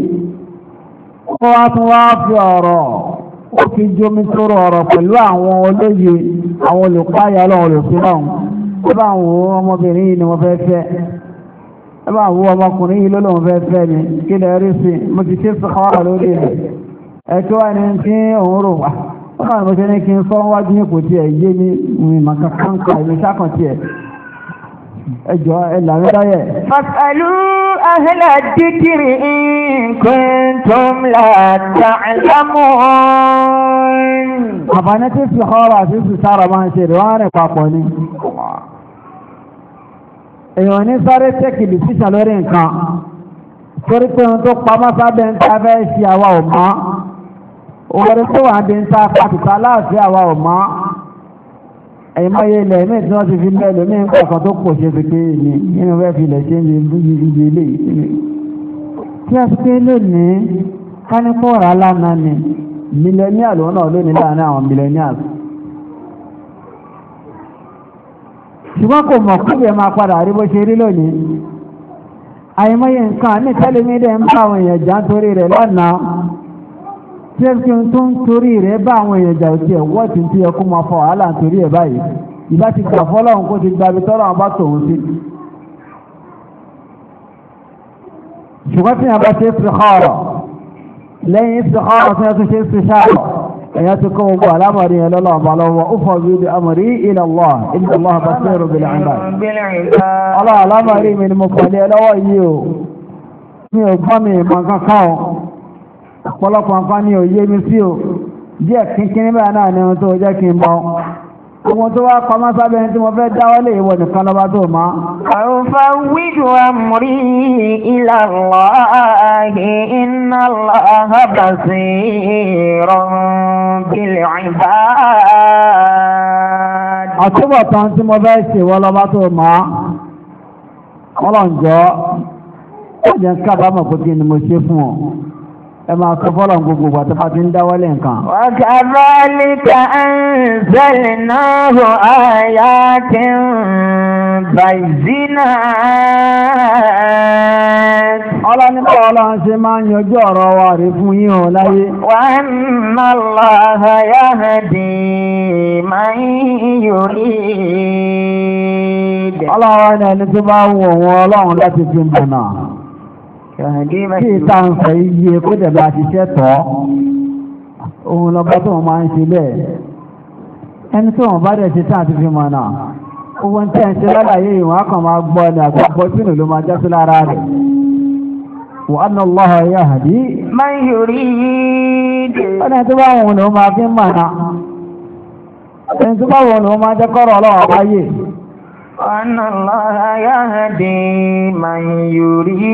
Ó wá tún wá fi àwọn ọmọbìnrin yìí ni wọ́n fẹ́ fẹ́ ẹ bá ọmọkùnrin yìí lọ́lọ́run fẹ́ fẹ́ ni kí lè sí mo ti ṣe sọ́kọ́rọ̀ lórí rẹ̀ ẹ̀kọ́ ẹni kí òun rò wá wọ́n náà mo ṣe ní kí n sọ wájú ní kò tiẹ̀ yé mi mi màkà kánká ìlú sákàn tiẹ̀ ẹjọ́ ẹ̀là ń dáyẹ̀.
fasalu ahla dikiri in kuntum la tí fi họ́rọ̀
àti fi sára máa ń ṣe wọ́n rìn papọ̀ ni. èèyàn ní sáré tẹ́kìlì sísà lórí nǹkan torí pé ohun tó pamọ́ sábẹ́ ń ta fẹ́ ṣe òwòrò tó wà bí ń ta pàtìkà láàfin àwa ọ̀mọ́ ẹ̀yìnmọ́yé ilẹ̀ ní ìtí wọ́n ti fi lẹ́lò ní ìpàkàn tó pò ṣe pèké ní inú rẹ̀ fi lẹ̀ ṣe ń ibi ilé tí a ti pé lónìí kánípọ̀ọ̀rọ̀ alána ni millennial òun náà lónìí láàrin àwọn millennials ṣùgbọ́n kò mọ̀ kúbẹ̀ máa padà rí bó ṣe rí lónìí àìmọye nǹkan ní tẹ́lẹ̀mídẹ́ ń bá àwọn èèyàn jà ń torí rẹ̀ lọ́nà tẹ́ẹ̀kì tó ń torí rẹ̀ bá àwọn èèyàn jà òjì ẹ̀wọ́ tí ya tí ẹkú máa fọ wàhálà nítorí ẹ̀ báyìí ìbá ti gbà fọ́lọ́hun kó ti gbabi tọ́lọ́ bá tòun sí. ṣùgbọ́n tí yàn bá ṣe istikhara lẹ́yìn istikhara tí yàn tún ṣe istishara ẹ̀yàn ti kó ọ̀pọ̀lọpọ̀ àǹfààní òye mi sí o díẹ̀ kínkín báyìí náà ni ohun tó jẹ́ kí n mọ̀ ohun tó wá kọmọ́ sábẹ́ ní tí mo fẹ́ dáwọ́lé ìwọ nìkan lọ́ba tó mọ́.
àrùfà
ila Allahi inna Allaha bil ibad. àtúbọ̀tán tí mo fẹ́ ṣe ìwọ lọ́ba tó mọ́
ọlọ́njọ́ ó jẹ́ kábàámọ̀ pé kí ni mo ṣe fún ọ
ẹ máa sọ fọ́lọ̀ gbogbo ìgbà tó bá ti ń dáwọ́lé nǹkan. wakadhalika anzalnahu ayatin bayyinat. ọlọ́ni bá ọlọ́run ṣe máa ń yanjú ọ̀rọ̀ wa rí fún yín o láyé. wa anna Allaha yahdi man yurid. ọlọ́run ẹni tó bá
wù wọ́n ọlọ́run láti fi mọ̀nà. kí ìta ń fẹ́ iye kó dẹ̀bẹ̀ àṣìṣẹ́ tọ́ ohun lọ́gbà tó máa ń ṣe bẹ́ẹ̀ ẹni tó wọ́n bá dẹ̀ ṣe tán àti fi mọ̀ náà owó tẹ́ ń ṣe lálàyé ìwọ̀n akọ̀ máa gbọ́ ni àgbàgbọ́ sínú ló máa jásí lára rẹ̀ wọ́n
Ọ̀nà lọ́ra yára dé máa ń yorí.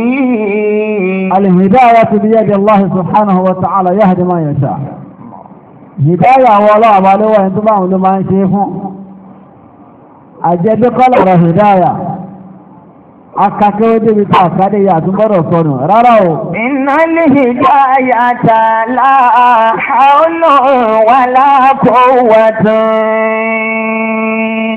Alìhìdáyà ti bíyẹ́ di Allah subhanahu wa ta'ala yára dé máa yẹ̀ta. Hìdáyà àwọn ọlọ́ọ̀bá ló wà ní tó báwọn ló máa ń ṣe fún. Àjẹ́bí kọ́lọ̀ rọ̀ hìdáyà akakẹ́wé débi tó àkádé yà tún bọ́dọ̀ sọnù rárá o. iná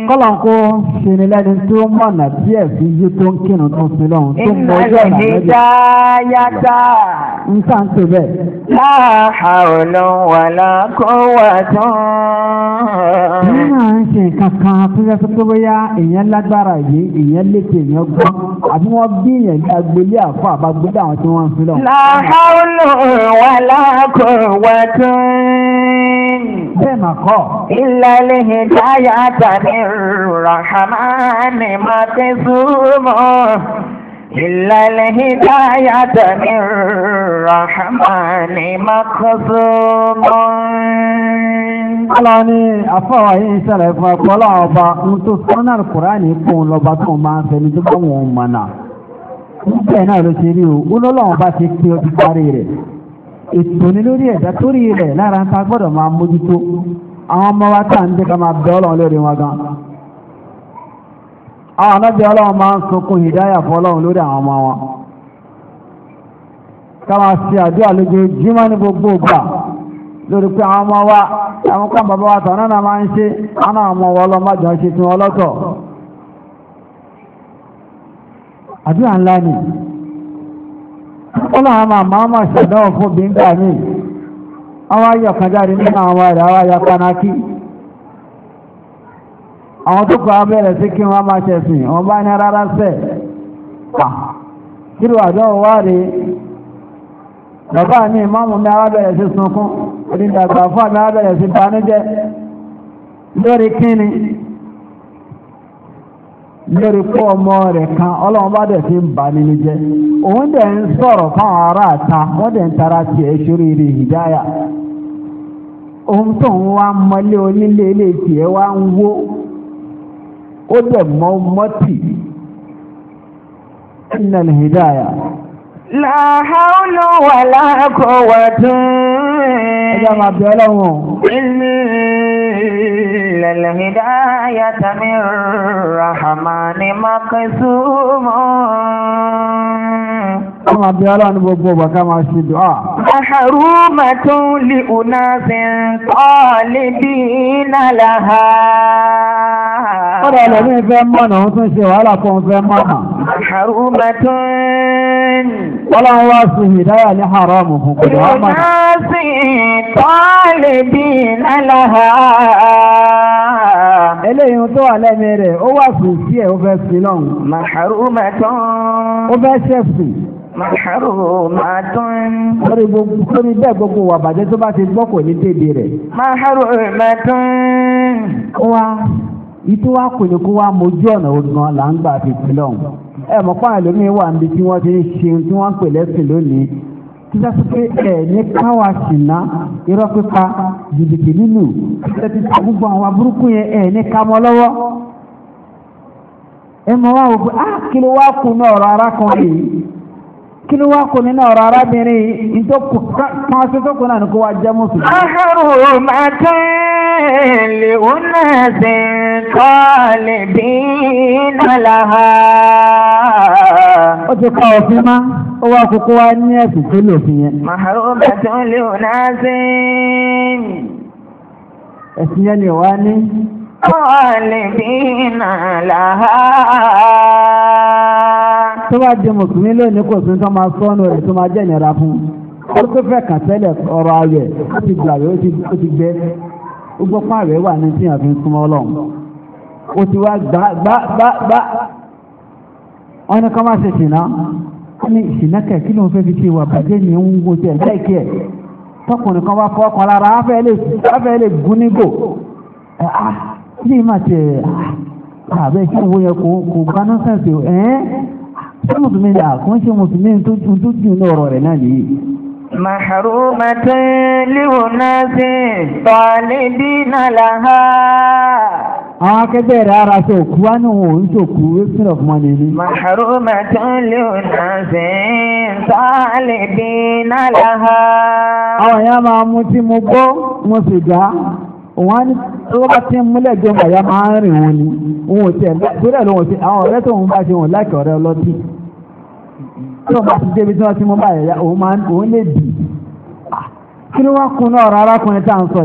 kọ́lọ̀kó sinilẹ́ni tó mọ̀nà tí ẹ̀sìn yí tó
ń kírun tó fi lọ́hun tó mọ ọjọ́ ìrìnàjò. ìnáyẹ̀ dáyàtà. ń sá ń tó bẹ́ẹ̀. láàhà olówó alákọ̀wà tán.
ìyẹn
náà ń ṣe nǹkan kan tó yẹ kó tó bóyá èèyàn lágbára yìí èèyàn létí èèyàn gbọ́ àbí wọ́n bí èèyàn bí agbolé àfọ́ àbágbélé àwọn tí wọ́n ń fi lọ.
bẹ́ẹ̀ mà kọ́. ìlàlẹ̀ ìdáyàtà ni الرحمن مقسوم إلا الهداية من الرحمن مقسوم Ọlọ́run ni àfọwà
yìí ṣẹlẹ̀ fún ẹ̀kọ́ ọlọ́run ọba ohun tó sọ́nà Kùránì fún un lọ́ba tó máa ń fẹ́ni tó bá wọn mọ̀nà. Bẹ́ẹ̀ náà ló ṣe rí o, ó bá ti pé ọdún parí rẹ̀. Ètò ni lórí ẹ̀dá tó rẹ̀ lára ń ta gbọ́dọ̀ máa mójútó. àwọn ọmọ wa A à ń jẹ́ ká máa bẹ́ ọlọ́run lórí wọn gan àwọn anábì ọlọ́run máa ń sunkún ìdáyà fún gbogbo ìgbà lórí pé àwọn ọmọ wa àwọn kan bàbá wa tàn náà máa ń ṣe lọ májọ ṣe ọlọ́tọ̀ àdúrà ńlá ni míì àwọn ayọ̀ kan jáde nínú àwọn ẹ̀rẹ̀ àwọn ayọ̀ panaki àwọn tó kọ́ abẹ́rẹ̀ sí kí wọ́n máa ṣẹ̀sìn wọ́n bá ní rárá sẹ́ kírò àjọ wà rí bàbá ní ìmáàmù mi arábẹ̀rẹ̀ sí sunkún onídàgbà fún àmì arábẹ̀rẹ̀ sí banújẹ́ lórí kíni lórí pọ́ rẹ̀ kan ọlọ́run bá dẹ̀ fi ń bà nínú jẹ́ dẹ̀ ń sọ̀rọ̀ fáwọn ará ta wọ́n dẹ̀ ń tara tiẹ̀ ṣorí rẹ̀ hìdáyà òun tó ń wá mọ́lé onílé ilé tiẹ̀ wá ń wó ó dẹ̀ mọ́ mọ́tì
ẹ̀nà إلا الهداية من رحمن مقسوم
Àwọn àbí aláàánú gbogbo ọba ká máa ṣe dùn áà. lẹ́yìn. Ọlọ́run wá sí ìdáyà ní haramu fún kò dáwà máa. Yóò
sí tọ́lì bí lálàá.
Eléyìn tó wà lẹ́mí rẹ̀, o wà si sí ẹ̀ ó fẹ́ sí náà. Màhàrúmẹ́tán. gbogbo wà bàjẹ́ tó bá ti gbọ́ re ní débi rẹ̀. Màhàrúmẹ́tán. ẹ̀mọ̀ fún àlómi wà níbi tí wọ́n ti ń ṣe tí wọ́n ń pè lẹ́sìn lónìí tí tó pé ẹ̀ ní káwà ṣìnà irọ́ pípa jìbìtì nínú títà gbogbo àwọn burúkú yẹn ẹ̀ ní lọ́wọ́ ẹ̀mọ̀ wò pé á ah, kí ló wá kú náà ọ̀rọ̀ arákùnrin kí ló wá kò nínú ọ̀rọ̀ arábìnrin tó
kàn sí tó kù náà ní kó wá jẹ́ mùsùn. ahàrù màtá lè wúnà sí kọ́ lè bí nàlá ha. ó ti kọ́ òfin má ó wá kókó wá ní ẹ̀sìn tó lò fún yẹn. ahàrù
màtá lè wúnà sí. ẹ̀sìn yẹn ni wá ní.
kọ́ lè bí nàlá ha
tó bá di mùsùlùmí lónìí kò sí tó máa sọ́nù rẹ̀ tó máa jẹ́ ìnira fún ó tó fẹ́ kàn tẹ́lẹ̀ ọ̀rọ̀ ayẹ̀ ó ti gbà rẹ̀ ó ti gbẹ́ ó gbọ́ fún àrẹ̀ wà ní tíyàn fi ń súnmọ́ ọlọ́run ó ti wá gbágbágbá wọ́n ní kọ́ máa ṣe ṣìnà ó ní ìṣìnà kẹ̀ kí ló ń fẹ́ fi ṣe wà bàjẹ́ ní ń wo tẹ̀ lẹ́ẹ̀kẹ́ tọkùnrin kan bá fọ́ lára afẹ́ lè gún nígò ní ah, ìmọ̀ tẹ̀ ah, àbẹ́ kí wo yẹ kó kó bá nọ́sẹ̀ǹsì ẹ̀ẹ́ ṣé mùsùlùmí yà kún ṣe mùsùlùmí tó jù ní ọ̀rọ̀ rẹ̀ náà nìyí.
Màhàrúmàtí líwùnásí tọ́lébí náà láhá.
Àwọn akẹgbẹ́ rẹ̀ ara ṣe òkú wá ní òun ń ṣòkú Western of Money ni.
Màhàrúmàtí líwùnásí tọ́lébí náà láhá. Àwọn èèyàn máa mú tí mo gbọ́, mo sì dá. wọ́n ló bá ti
ń múlẹ̀ jẹ́ bàyá máa ń rìn wọn ni wọn ò tẹ̀ bẹ́ẹ̀ ló wọ́n àwọn ọ̀rẹ́ tó bá ṣe wọn láìkẹ́ ọ̀rẹ́ ọlọ́tí tí wọ́n bá ti débi tí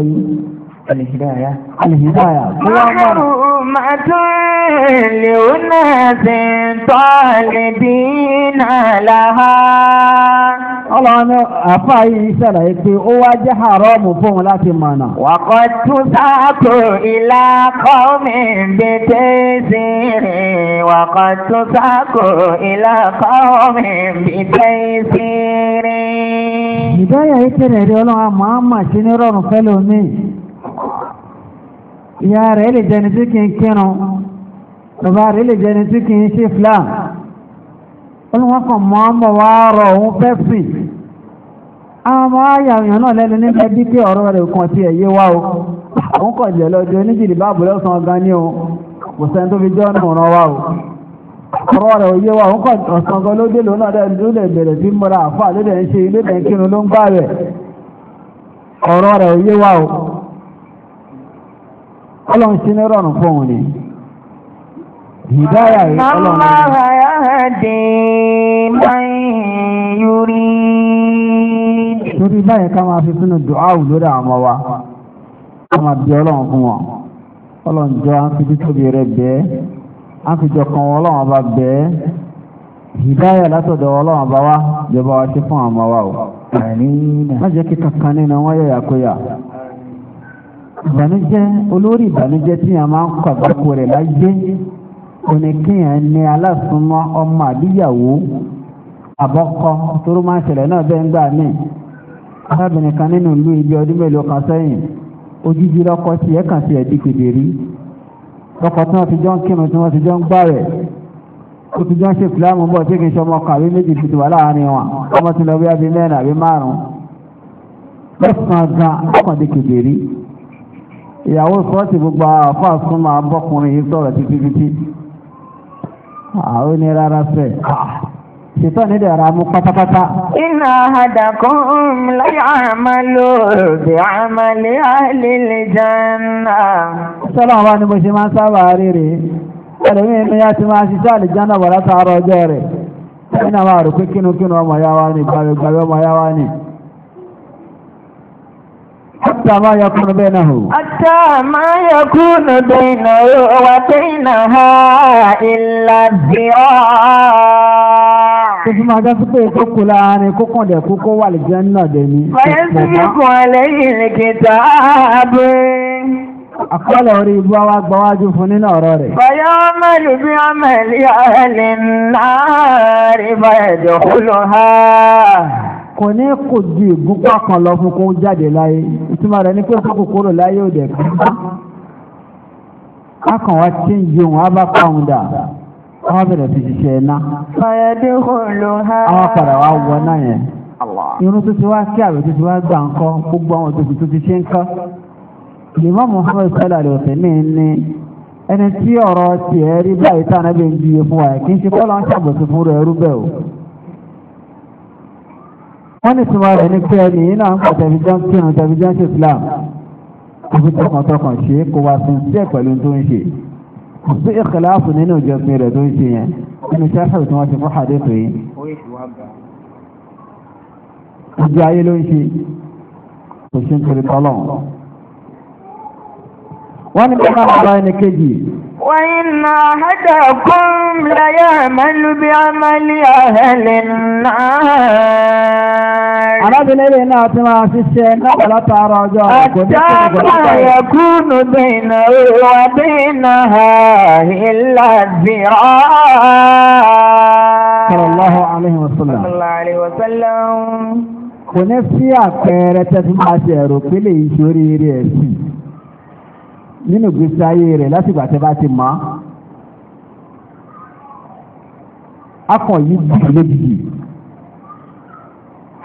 lè ah, alìhìdáyà alìhìdáyà tó wá mọ́ máa tún lè ó náà àfá yìí
ṣàlàyé pé ó wá jẹ́ haramu fún wọn láti mọ̀nà wàkọ̀ tún sáàkò ìlà
kọ́mí bèbè sí rẹ̀ wàkọ̀ tún sáàkò ìlà kọ́mí bèbè sí rẹ̀ ìdáyà
ìtẹ̀rẹ̀ rí ọlọ́run àmọ́ àmà sí ní rọrùn fẹ́lẹ̀ omi ìyá rẹ̀ lè jẹni tí kìí kírun bàbá rẹ̀ lè jẹni tí kìí ṣe flam olùwọ́kàn mọ́ mọ́ wá rọ̀ òun fẹ́ sì àwọn ọmọ ayàwòyàn náà lẹ́nu nípa bí pé ọ̀rọ̀ rẹ̀ kan ti ẹ̀yẹ wá o òun kọ̀ jẹ́ lọ́jọ́ oníjìdì báàbù lọ́sàn ọ̀gán ní o kò sẹ́ni tó fi jọ́ ọlọ́run ṣe ní rọrùn fún òun ni ìdáyà ọlọ́run ọlọ́run jọ á fi títóbi á fi jọ kan ọlọ́run ọba bẹ́ẹ̀ ìdáyà látọ̀dọ̀ ọlọ́run ọba wa jọba wa ṣe fún wa o má kí kankan nínú ìbànújẹ́ olórí ìbànújẹ́ tí a máa ń kọ àgbàkù rẹ̀ láyé oníkéèyàn ní aláṣùmọ́ ọmọ àbíyàwó àbọ́kọ toró máa ń ṣẹlẹ̀ náà bẹ́ẹ̀ ń gbà mí arábìnrin kan nínú ìlú ibi ọdún mélòó kan sẹ́yìn ojújú lọ́kọ tí ẹ̀ kàn sí ẹ̀dí kèdèrí lọ́kọ tí wọ́n ti jọ ń kírun tí wọ́n ti jọ ń gbà rẹ̀ ó ti jọ ń ṣe fìlàmù bọ̀ tí kì ṣe ọmọ kan àbí méjì fi wà láàárín wọn ọmọ ti lọ bí abí àbí márùn-ún án gan ọkàn dé kèdèrí ìyàwó sọ́ọ̀tì gbogbo àfáà súnmọ́ abọ́kùnrin yìí sọ̀rọ̀ títí títí àwọn ní rárá
fẹ́ ṣètọ́ ní dẹ̀ra mú pátápátá. iná àdàkùn láyé àmàlò bí àmàlè àlèlè jẹ́nà. sọ́lá wa ni mo ṣe máa ń sábà rírì ẹlòmí inú ya ti máa ṣiṣẹ́ àlìjánà wà látàárọ̀ ọjọ́
rẹ̀ nínú àwọn àrùn pé ọmọ yá wa ni gbàgbé ọmọ yá wa ni.
حتى ما يكون بينه حتى ما يكون بينه وبينها إلا الذراع
Ìfúnmọ̀ ọjọ́ sí pé kó kú láàárín kó kàn dẹ̀ kó kó wà lè jẹ́ náà dẹ̀ ní. Fọ́yẹ́sì kò lẹ́yìn ìrìnkìtà ààbò. Àkọọ́lẹ̀ orí ibú wa gbọ́wájú kò ní kò ju ìgúnpá kan lọ fún kó jáde láyé ìtumọ̀ rẹ̀ ní pé kókò kúrò láyé òde kan akàn wá tí ń ju òun á bá pàun dà wọ́n bẹ̀rẹ̀ sí ṣiṣẹ́ iná. fàyẹ̀dé hòlò ha. àwọn padà wá wọ náà yẹn. irun tó ti wá sí àwẹ̀ tó ti wá gbà ńkọ́ gbogbo àwọn òtòkù tó ti ṣe ń kọ́. ìmọ̀ muhammed sallallahu alaihi wasallam ní ẹni tí ọ̀rọ̀ tiẹ̀ rí báyìí tánà bẹ́ẹ̀ ń ju iye fún wa kì í ṣe kọ́ wọ́n ní túnmọ̀ rẹ̀ ní pé ẹni iná ń pọ̀ tẹ̀bíjọ́n kí ọ̀nà tẹ̀bíjọ́n ṣe Islam kò fi tọkàntọkàn ṣe kò wá sí ṣe pẹ̀lú tó ń ṣe kò sí ìkìláàfù nínú ìjọsìn rẹ̀ tó ń ṣe yẹn nínú ṣáṣà tí wọ́n ti fún àdé tó yìí. ìjọ ayé ló ń ṣe kò ṣe ń torí وانا بحق باين كدي
وإن عهدكم لا يعمل بعمل أهل النار أنا بلالي ناتما سيسينا ولا تعراجا ولا ما يكون بينه وبينها إلا الذراع صلى الله عليه وسلم صلى الله عليه وسلم ونفسي
أكيرتت ما سيرو كل شريري nínú gbèsè ayé rẹ̀ lásìkò àtẹ́bá ti mọ́
akọ̀ yìí dìbò lójijì.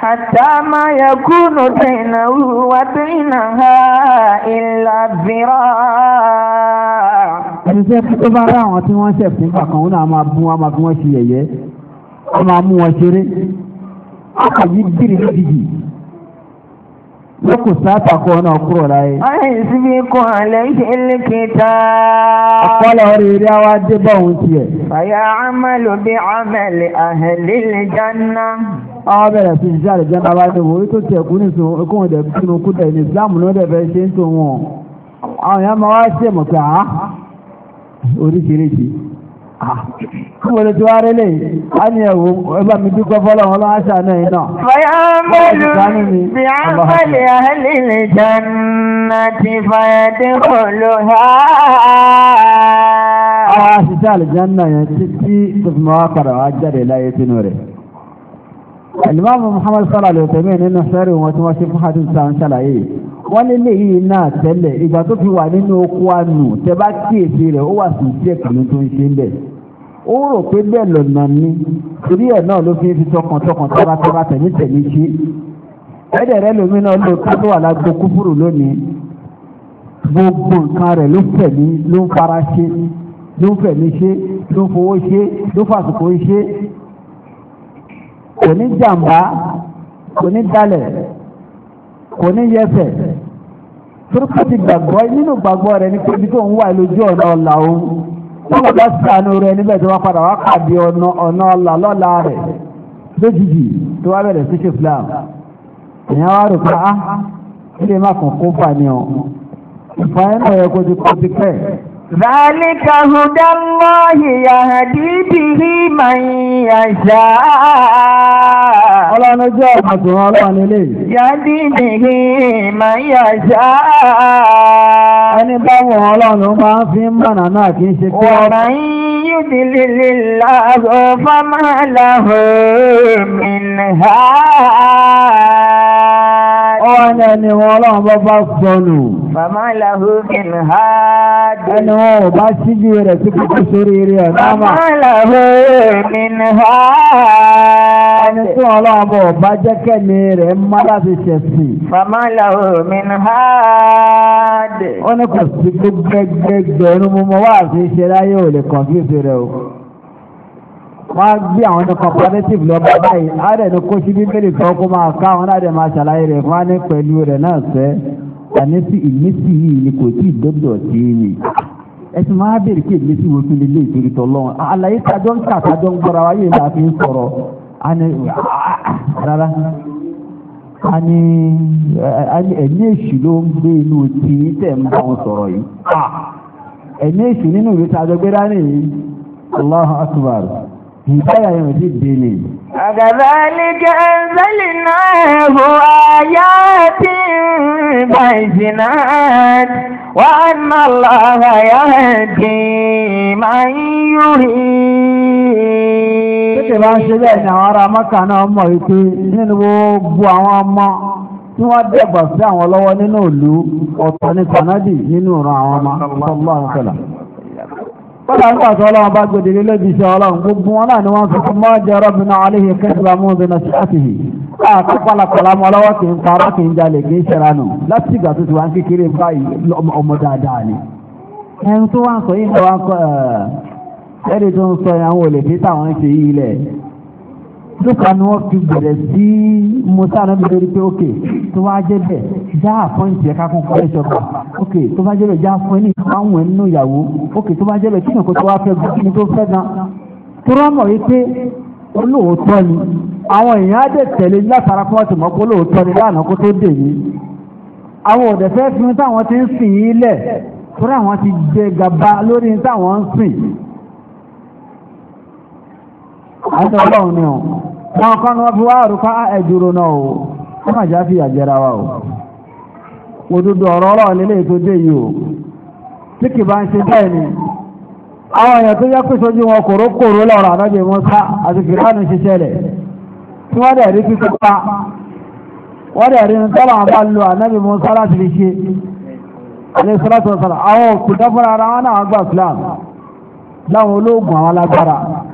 Hatta ma yakunu bainahu wa bainaha illa zira. Ẹni tí ó bá rá
àwọn tí wọ́n ṣẹ̀ fún bàkan, ó náà máa bú wọn, máa fi wọ́n ṣe yẹ̀yẹ́, ó máa mú wọn ṣeré. Akọ̀ yìí dìbò lójijì ló kù sáàtà kó náà kúrò láyé.
ọ̀rẹ́ ìsinmi kan àlẹ́ ìṣẹ̀lẹ̀ kẹta. ọ̀pọ̀lọ̀ rere àwa dé bá òun tiẹ̀. fàyà àmàlò bí àmàlè àhẹ̀lẹ́ lè jáná. àwọn bẹ̀rẹ̀ sí ìṣe àlejò náà wáyé wò ó tó tiẹ̀ kú ní
sùn ó kóhun dẹ̀ kínú kú dẹ̀ ní ìsìláàmù ló dẹ̀ fẹ́ ṣe ń tó wọn. àwọn yẹn máa wá ṣèmọ̀ pé àá oríṣiríṣi. Kúmọ̀lù tí wá rélé,
a ní ẹ̀wò ẹgbà mi dúkọ́ fọ́lọ̀ wọn lọ́wọ́ ṣà náà iná. Fọ́yámọ́lù bí a ń fẹ́lẹ̀ àhẹ́lẹ̀ jẹ́nà ti fàyẹ̀dé kòlò ha. Àwọn aṣiṣẹ́ àlìjánà tí wọ́n ṣe
fún wọ́n lé léyìí náà tẹ́lẹ̀ ìgbà tó fi wà nínú oko ànù tẹ́ bá kíyèsí rẹ̀ ó wà sí iṣẹ́ pẹ̀lú tó ń ṣe ń bẹ̀ ó rò pé bẹ́ẹ̀ lọ́nà ni torí ẹ̀ náà ló fi fi tọkàntọkàn tọ́ratọ́ra tẹ̀mí tẹ̀mí ṣe ẹ̀dẹ̀ rẹ lómi náà ló tó ló wà lágbo kúfúrú lónìí gbogbo nǹkan rẹ̀ ló fẹ̀mí ló ń fara ṣe ló ń fẹ̀mí ṣe ló ń fowó ṣe ló fàsùkò ṣe kò ní jàǹbá kò ní dalẹ̀ kò ní yẹsẹ̀ torípé ti gbàgbọ́ nínú gbàgbọ́ rẹ̀ ní pé ibi tó ń wà lójú ọ̀nà ọ̀la òun tọ́lọ̀ bá sànú rẹ̀ níbẹ̀ tó wá padà wá pàdé ọ̀nà ọ̀la lọ́la rẹ̀ lójijì tó wá bẹ̀rẹ̀ sí ṣe flam èèyàn wá rò pa á ilé má kàn kó fà ní ọ ìfọyín náà yẹ kó ti kó ti
pẹ́ẹ́.
ذلك هدى الله يهدي به من يشاء ọlọ́run jẹ́ ọ̀pàtùn ọlọ́run ilé yàdí nìhí ma yàṣá ẹni bá wọn ọlọ́run máa fi ń mọ̀nà náà kí ń ṣe pé ọ̀rọ̀ ọwọ́n ẹni wọn ọlọ́run bọ́ bá sọnù. Màmá ìlàhú bin hádì.
Ẹni wọn ò bá síbi rẹ̀ sí kúkú sórí eré ẹ̀ náà. Màmá ìlàhú bin hádì.
Ẹni tí wọn ọlọ́run bọ̀ bá jẹ́ kẹ́mi rẹ̀ má láti ṣẹ̀sìn. Màmá ìlàhú bin hádì. Ó ní kò sí gbẹgbẹgbẹ̀rún
mọ́mọ́ wá àti ìṣẹ́láyé ò lè kàn rẹ̀ o wọ́n á gbé àwọn ní comparative lọ bá báyìí á rẹ̀ ní kó sí bíbélì kan kó máa ká àwọn náà rẹ̀ máa ṣàlàyé rẹ̀ fún á ní pẹ̀lú rẹ̀ náà sẹ́ àníṣí ìmísí yìí ni kò tí ì dọ́dọ̀ sí i ẹ̀sìn máa bèèrè pé ìmísí wo tún lè lé ìtòrí tọ́lọ́run àlàyé tajọ́ ń kà tajọ́ ń gbọ́ra wáyé là fi ń sọ̀rọ̀ rárá a ní ẹ̀mí èṣù ló ń gbé inú tí tẹ̀ ń bá wọn sọ̀rọ̀ yìí ẹ̀mí èṣù nínú ìwé tajọ́ gbéra nìyí Allahu Akbar. Ìbáyà yẹn ti dè ní.
Àgàbálíkà ẹ̀sẹ́lì náà bò ayá tí ń bá ìsìnà wà ná lára yá ẹ̀dì máa ń yúrí.
Títí bá ń ṣe bẹ́ẹ̀ ni àwọn ará Mọ́kà náà mọ̀ wípé nínú gbogbo àwọn ọmọ tí wọ́n dẹ̀gbà sí àwọn lọ́wọ́ nínú ìlú ọ̀tọ̀ ní Kànádì nínú ìran àwọn ọmọ. Kọ́lá ń pàṣẹ ọlọ́run bá gbèdèrè lẹ́bi iṣẹ́ ọlọ́run gbogbo wọn náà ni wọ́n fi fún mọ́jẹ́ rọ́bìnà aléhe kẹ́sìlá mọ́bìn náà ṣáàtì yìí. Káàkiri pàlàpàlà mọ́ lọ́wọ́ kì ń parọ́ kì ń jalè kì í ṣẹra nù. Láti ìgbà tó ti wá ń kékeré báyìí ọmọ dáadáa ni. Ẹni tó wá ń sọ yìí ni wọ́n kọ́ ń sọ yẹn àwọn dúkà ni wọ́n fi bẹ̀rẹ̀ sí musa náà bí lórí pé ókè tó bá jẹ́ bẹ̀ já àpọ́ǹtì ẹ̀ka kún fún ẹ̀ṣọ́ kan ókè tó bá jẹ́ bẹ̀ já fún ẹni fáwọn ẹni nínú ìyàwó ókè tó bá jẹ́ bẹ̀ kí nìkan tó wá fẹ́ gbọ́ kí tó fẹ́ gan. tó rọ́mọ̀ wípé olóòótọ́ ni àwọn èèyàn á dé tẹ̀lé látara kí wọ́n ti mọ̀ pé olóòótọ́ ni lánàá kó tó dè yìí àwọn òdẹ̀ fẹ́ fi táwọn ti ń sìn yín lẹ̀ tó àti ọ̀ wọn kan wọ́n fi wá àrùká ẹ̀dùrù náà o wọ́n máa já fi àjẹra o òdodo ọ̀rọ̀ nílé dé yìí o tí kì bá ń ṣe bẹ́ẹ̀ ni àwọn èèyàn tó yẹ pé wọn kòrókòró lọ́rọ̀ àti ṣiṣẹ́ rẹ̀ tí wọ́n dẹ̀ náà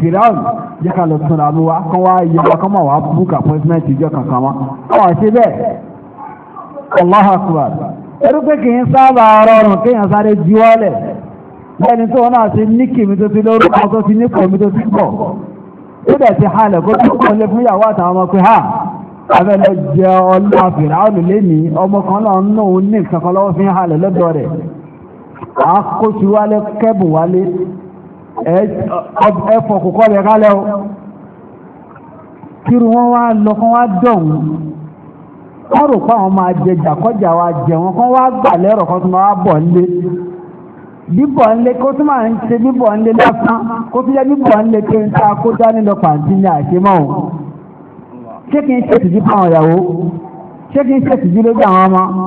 firaun jẹ́ ka lọ tún àmú wa kán wá yẹ wa kankan ṣe allah akbar ẹrú kì í sábà rọrùn kéèyàn sáré juwọ́lẹ̀ tó ti ní kìmí tó ti lórúkọ tó ti ní mi tó ti pọ̀ ó dẹ̀ ti halẹ̀ kó tó ha abẹ́lẹ̀ jẹ ọlọ́ fìràánù lẹ́ni ọmọ kan náà ń ní lọ́wọ́ ẹ̀fọ̀ kò kọ́ rẹ̀ kálẹ̀ o kírù wọn wá lọ kán wá dọ̀hún wọ́n rò pàwọn máa jẹjà kọjà wa jẹ wọn kán wá gbà lẹ́rọ̀ kan tó máa bọ̀ nílé bíbọ̀ nílé kó tó máa ń ṣe bíbọ̀ nílé lásán kó tó jẹ́ bíbọ̀ nílé pé ń ta kó dání lọ pàǹtí ní àṣemọ́ o ṣé kí n ṣe tìjú fáwọn ìyàwó ṣé kí n ṣe tìjú lójú àwọn ọmọ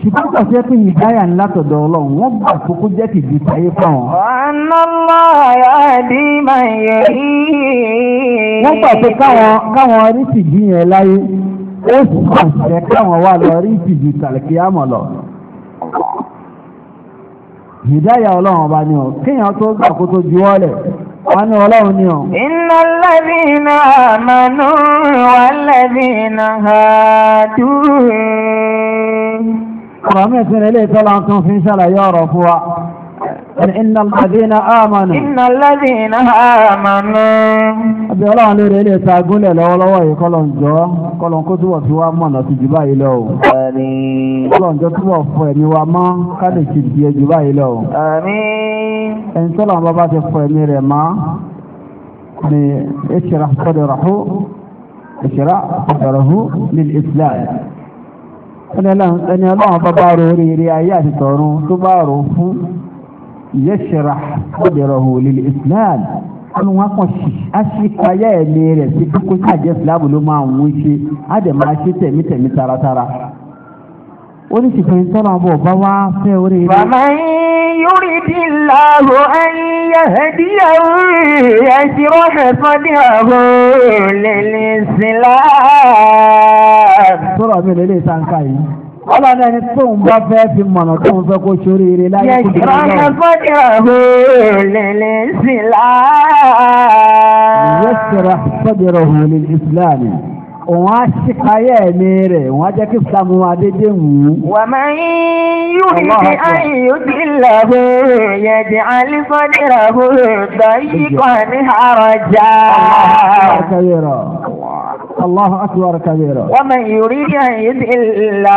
ṣùgbọ́n pàṣẹ pé ìdáyà ńlá tọ̀dọ̀ ọlọ́run wọ́n gbà kókó jẹ́ kìdí sáyé fún wọn.
ọ̀nà lọ́ọ̀yà ihe. máa yẹ yìí. wọ́n gbà pé káwọn
káwọn rí tìjú yẹn láyé ó sì pàṣẹ káwọn wà lọ rí tìjú kàlẹ́kìámọ̀ lọ.
ìdáyà ọlọ́run ọba ni ọ kéèyàn tó gbà kó tó ju ọ́lẹ̀ ọlọ́run ni ọ. iná wà قرآن سنة ليه
طلعتم في شلا يا رفوع إن الذين آمنوا إن الذين آمنوا أبي الله لي ريلي تاغول لو لو يكلون جو كلون كو تو في وا مو آمين كلون جو توا فو ẹ̀mí wa mọ́ ká lè ti di ju báyìí lọ آمين ان صلى الله bá ti fo ẹ̀mí rẹ̀ mọ́ ni صدره اشرح صدره للإسلام ẹni ọlọ́run bá bá ro oríire ayé àti tọ̀run tó bá rò fún ìyẹ́ṣẹ̀ra ọ̀dẹ̀rọ̀hùn olèlè islam ọ̀nà wọn kàn sí aṣípayá ẹ̀mí rẹ̀ sí kókó káàjẹ́ islam ló máa ń wọ́n ṣe á dẹ̀ máa ṣe tẹ̀mítẹ̀mí taratara oríṣìíṣẹ́ tọ́nà ọbọ̀ bá wá
fẹ́ orí rẹ̀. Bàbá yórí dí láàrọ̀ ẹ̀yẹ ẹ̀díyà orí ẹ̀sì rọ́fẹ̀ fọ́dí ọ̀rọ̀ lẹ́lẹ́ sílá.
Sọ́rọ̀ mi lélẹ̀ sáńkà yìí. Ọlá náà ni tó ń bá fẹ́ fi mọ̀nà tó ń fẹ́ kó ṣorí eré láyé kò dé lọ́wọ́. Yẹ̀sì fọ́dí ọ̀rọ̀ lẹ́lẹ́ sílá. Yẹ̀sì fọ́dí ọ̀rọ̀ lẹ́lẹ́ sílá ni òun á ṣíkayẹ́ ẹ̀mí rẹ̀ òun á jẹ́ kí Islam wa dédé wù ú. wà
á máa ń yóò ní bí ayé yóò ti là bó yẹ di alifọ́dìrà bó lọ yí kan ní àrọ̀jà. Allahu akbar kabira. Wa man yurid an yudilla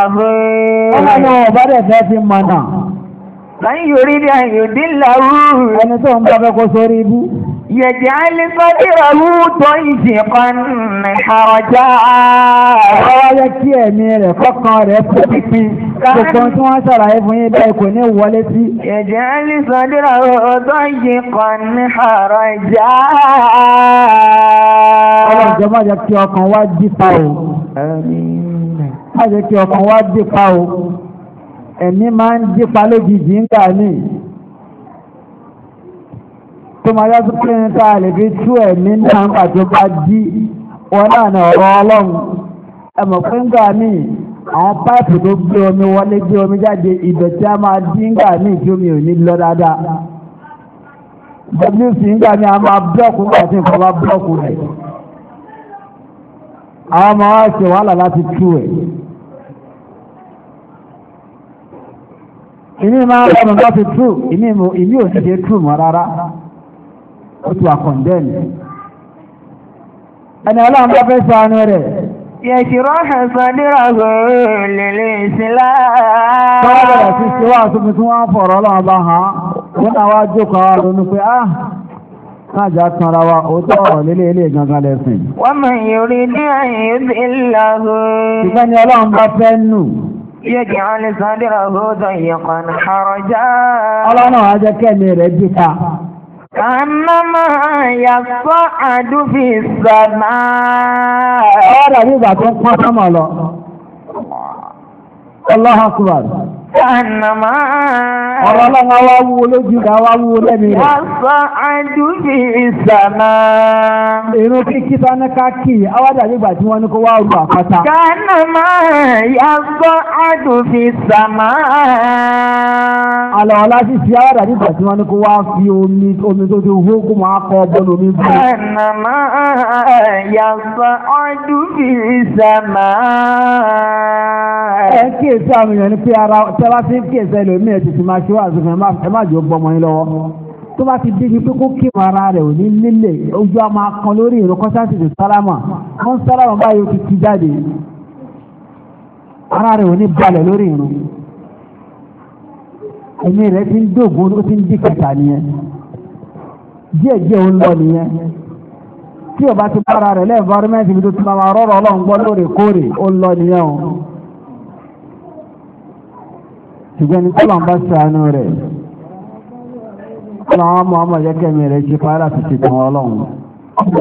fi mọ̀ náà. Man yurid an yudilla hu. Ẹni tó ń bá fẹ́ kó يجعل صدره ضيقا حرجا ọwọ́ yẹ kí ẹ̀mí rẹ̀ kọ́kàn rẹ̀ pípín gbogbo tí wọ́n ṣàlàyé fún yín bẹ́ẹ̀ kò ní wọlé sí. يجعل صدره ضيقا حرجا ọlọ́run jọba jẹ́ kí ọkàn wá dípa o
má jẹ́ kí ọkàn wá dípa o ẹ̀mí máa tó máa yọ́tún pé ní ká lè fi tú ẹ̀mí náà ń pà tó bá jí wọn náà ní ọ̀rọ̀ ọlọ́run ẹmọ̀ pé ń gbà míì àwọn páìpù tó gbé omi wọlé gbé omi jáde ìdọ̀tí a máa dín a máa búlọ́ọ̀kù nígbà tí nǹkan bá búlọ́ọ̀kù rẹ̀ àwọn ọmọ wa ṣe wàhálà láti tú ẹ̀. ìní máa ìní ò ní ṣe rárá
ó ti wà kọ̀ndẹ́ẹ̀nì ẹni ọlọ́run bá fẹ́ sọ anú rẹ̀ yẹ̀ṣìrọ́ ṣàṣàdíràgò
ah, tanra wa ó tọ́ ọ̀rọ̀ lélẹ̀ ilé gangan lẹ́sìn
wọ́n mọ̀ ìrí ní àyè ìlàgò ṣùgbọ́n ni ọlọ́run bá fẹ́ nù yẹ́jẹ̀ wọn lè sàdíràgò tó yẹ Kànámà yàtọ̀ àdúbì sàmà. Ọ̀rọ̀ àbí ìgbà tó ń pọ́n sọ́mọ̀ lọ. Ọlọ́hàn kúrò. Jànàmá.
Ọ̀rọ̀ ọlọ́run wá
wú olójú ká wá wú lẹ́nu rẹ̀. Wọ́n
sọ àdúgbì ìsàmà. Èrò kí kíta ní káàkì, awádà nígbà tí wọ́n ní kó wá rú àpáta. Jànàmá yà sọ àdúgbì ìsàmà.
Àlọ́ ọlá sì fi awádà nígbà tí wọ́n ní kó wá fi omi omi tó ti hó kó máa kọ ọgbọ́n omi bú. Jànàmá
yà àdúgbì ìsàmà.
Ẹ kí èsì àwọn èèyàn ní pé ara tẹ́ bá ti ń kí ẹ̀sẹ̀ lómi ẹ̀ tuntun máa ṣe wá àzùkùn ẹ̀ má jò bọ́ ọmọ yín lọ́wọ́ tó bá ti débi pé kó kí ara rẹ̀ ò ní nílẹ̀ ojú a máa kan lórí ìrọ̀ kọ́sáàtì tó sálámà wọ́n sálámà báyìí ó ti ti jáde ara rẹ̀ ò ní balẹ̀ lórí ìrun ẹ̀mí rẹ̀ ti ń dògún ó ti ń dí kàtà nìyẹn díẹ̀ díẹ̀ ó ń lọ nìyẹn tí ọba ti bára rẹ̀ lẹ́ẹ̀fọ́rọ́mẹ́ntì mi tó ti máa rọ̀rọ̀ ọlọ́run ṣùgbọ́n ní kọ́lọ̀ ń bá ṣàánú rẹ̀ kọ́lọ̀ àwọn ọmọ ọmọ yẹ́kẹ́ mi rẹ̀ ṣe fara ti ṣe tàn ọlọ́run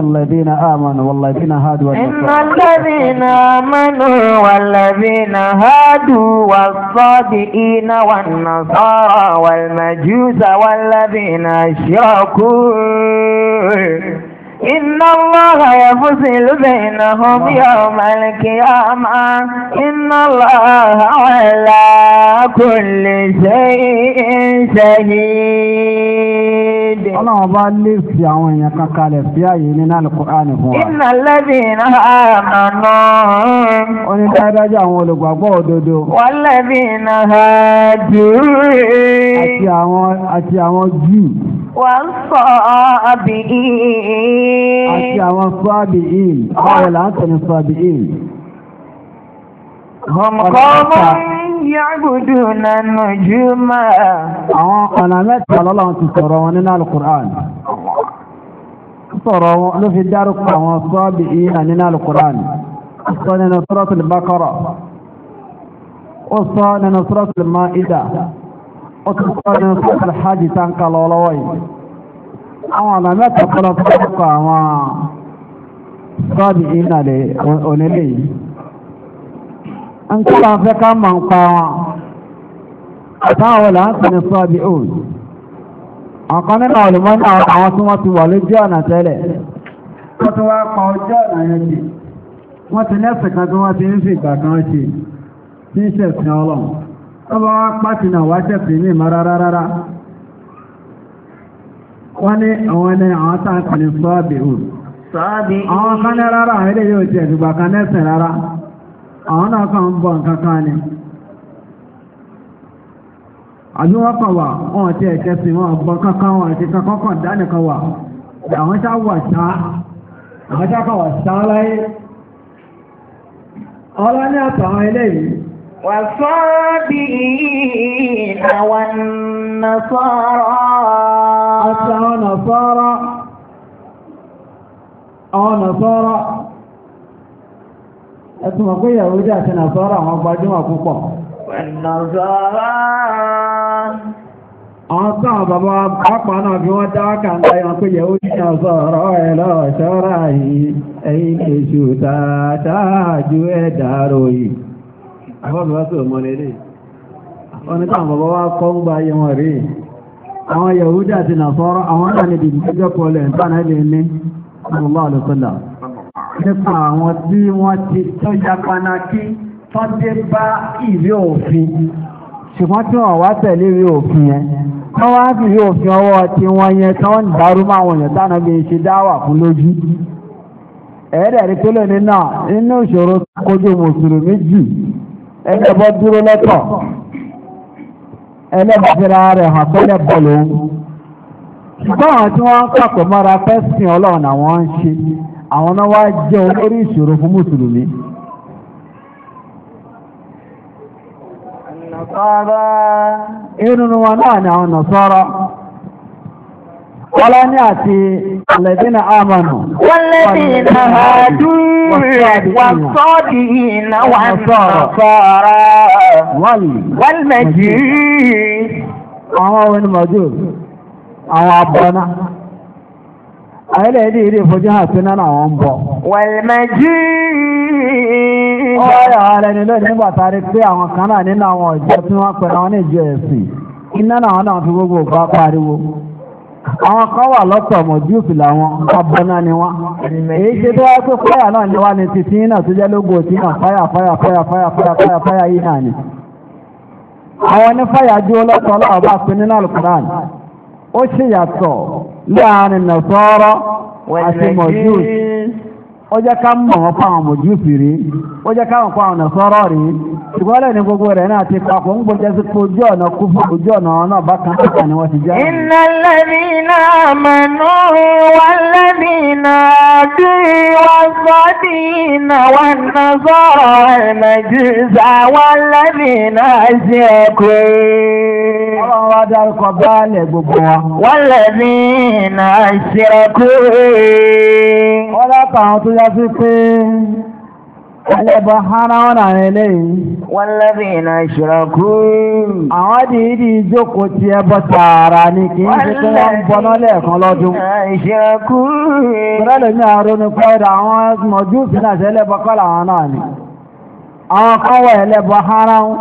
الذين آمنوا والذين هادوا إن الذين آمنوا
والذين هادوا والصابئين والنصارى والمجوس والذين أشركوا Inna Allaha yafsilu bainahum yawmal qiyamah. Inna Allaha ala kulli shay'in shahid. èdè. ọlọ́run bá lè fi
àwọn èèyàn kan kalẹ̀ sí ààyè nínú al fún wa. iná lẹ́bí iná àmàna. ó ní sọ àbí ìhìn.
àti àwọn sọ ya'buduna nujuma. Àwọn
ọ̀nà mẹ́ta lọ́lọ́run ti sọ̀rọ̀ wọn nínú Al-Qur'an. Sọ̀rọ̀ wọn ló fi dárúkọ àwọn sọ́ọ̀bì ìhà nínú Al-Qur'an. Sọ nínú Suratul Baqara. Ó sọ nínú Suratul Ma'ida. Ó ti sọ nínú Suratul Hajj tá ń kalọ̀ lọ́wọ́ yìí. Àwọn ọ̀nà mẹ́ta kọ́lọ́ sọ́ọ̀bì ìhà lè onílé ń kí wọ́n fẹ́ ká mọ̀ ń pa wọn àtàwọn là ń pè ní sọ́ọ̀bì òun ọ̀kan nínú olùmọ́ ní àwọn tí wọ́n ti wà lójú ọ̀nà tẹ́lẹ̀ wọ́n ti wá pa ojú ọ̀nà yẹn jì wọ́n ti lẹ́sẹ̀ kan tí wọ́n ti ń fi ìgbà kan ṣe tí ń ṣẹ̀sìn ọlọ́run tó bá wá pàtìnà wá ṣẹ̀sìn ní ìmọ̀ rárá wọ́n ní àwọn ẹni àwọn táǹkì sọ́ọ̀bì àwọn kan ní rárá ilé yóò kan rárá a náà kàn ń bọ̀ nǹkan kan ni àbí wọ́n kàn wà wọ́n ti ẹ̀kẹ́ sí wọn bọ́ kankan wọn àti kankan kan dánìkan wà àwọn ṣá wà ṣá àwọn wà láyé
ọlá ní àwọn àwọn
ẹtù mọ̀ pé ìyàwó jẹ́ àti nàṣọ́rọ̀ àwọn gbajúmọ̀ púpọ̀. àwọn táwọn bàbá pápá náà fi wọ́n dá wákà ń tayọ pé ìyàwó jẹ́ nàṣọ́rọ̀ ẹ̀lọ́ ṣọ́ra yìí ẹ̀yìn èṣù tààtàájú ẹ̀dàrò yìí. àwọn ìyàwó jẹ́ àti nàṣọ́rọ̀ àwọn náà ni nípa àwọn tí wọ́n ti tọ́jà panákí tó dé bá ìwé òfin ṣùgbọ́n tí wọ́n wá tẹ̀lé ìwé òfin yẹn tó wá fi ìwé òfin ọwọ́ tí wọ́n yẹn tọ́ ń dàrú máa wọ̀nyẹ̀ tánà bí ṣe dáwà fún lójú ẹ̀ẹ́dẹ̀ rí pélé nínà inú ìṣòro kojú mùsùlùmí jù ẹlẹ́bọ dúró lọ́tọ̀ ẹlẹ́bọ rẹ̀ hàn pẹ́lẹ́bọ lòun ṣùgbọ́n àwọn tí wọ́n ń pàpọ̀ mọ́ra fẹ́sìn ọlọ́run àwọn ń ṣe àwọn náà wá jẹ́ olórí ìṣòro fún mùsùlùmí irun wọn náà ni àwọn nàṣọ́rọ̀ wọ́lá ní àti
alẹ́dínà àmànù wọ́lẹ́dínà àdúrẹ̀ wà sọ́dí wà nàṣọ́rọ̀ wọ́lmẹ̀jì àwọn àwọn
àìlẹ̀ èdè èdè fojú hàn pé náà àwọn ń bọ̀. wẹ̀lmẹ̀jì ọ̀rọ̀ ààrẹ ni lónìí nígbà tàrí pé àwọn kan náà nínú àwọn ìjọ tí wọ́n pẹ̀lú àwọn níjọ ẹ̀sìn iná náà náà fi gbogbo bá pariwo àwọn kan wà lọ́tọ̀ làwọn ni èyí ṣe tó wá pé fáyà náà ni ní títí tó jẹ́ lógo tí náà fáyà fáyà fáyà fáyà fáyà fáyà fáyà yìí náà ni àwọn lọ́tọ̀ ó ṣèyàtọ̀ láàrin nàṣọ́rọ́
àti mọ̀júùsì
ó jẹ́ ká mọ̀ wọn fún àwọn mọ̀júsì rí ó jẹ́ káwọn fún àwọn nàṣọ́rọ̀ rí ṣùgbọ́n lẹ́yìn ní gbogbo rẹ̀ náà ti papọ̀ ń gbọ́jẹ́ sí ojú ọ̀nà kú fún ojú ọ̀nà náà bákan náà ni wọ́n ti jẹ́. wa. Wọ́n lẹ́bí
náà àwọn já sí pé ẹlẹ́bọ̀
hánà wọn àrin eléyìí. wọ́n lẹ́bí iná ìṣòrọ̀kú. àwọn dìídì ìjókòó ti ẹbọ tààrà ni kì í ṣe pé wọ́n ń bọ́ná lẹ́ẹ̀kan lọ́dún. ìṣòrọ̀kú. ìrọ̀lẹ́ mi àrùn pé ọ̀dọ̀ àwọn mọ̀júùsì náà ṣe ẹlẹ́bọ̀ kọ́ làwọn náà ni. àwọn kan wọ ẹlẹ́bọ̀ hánà wọn.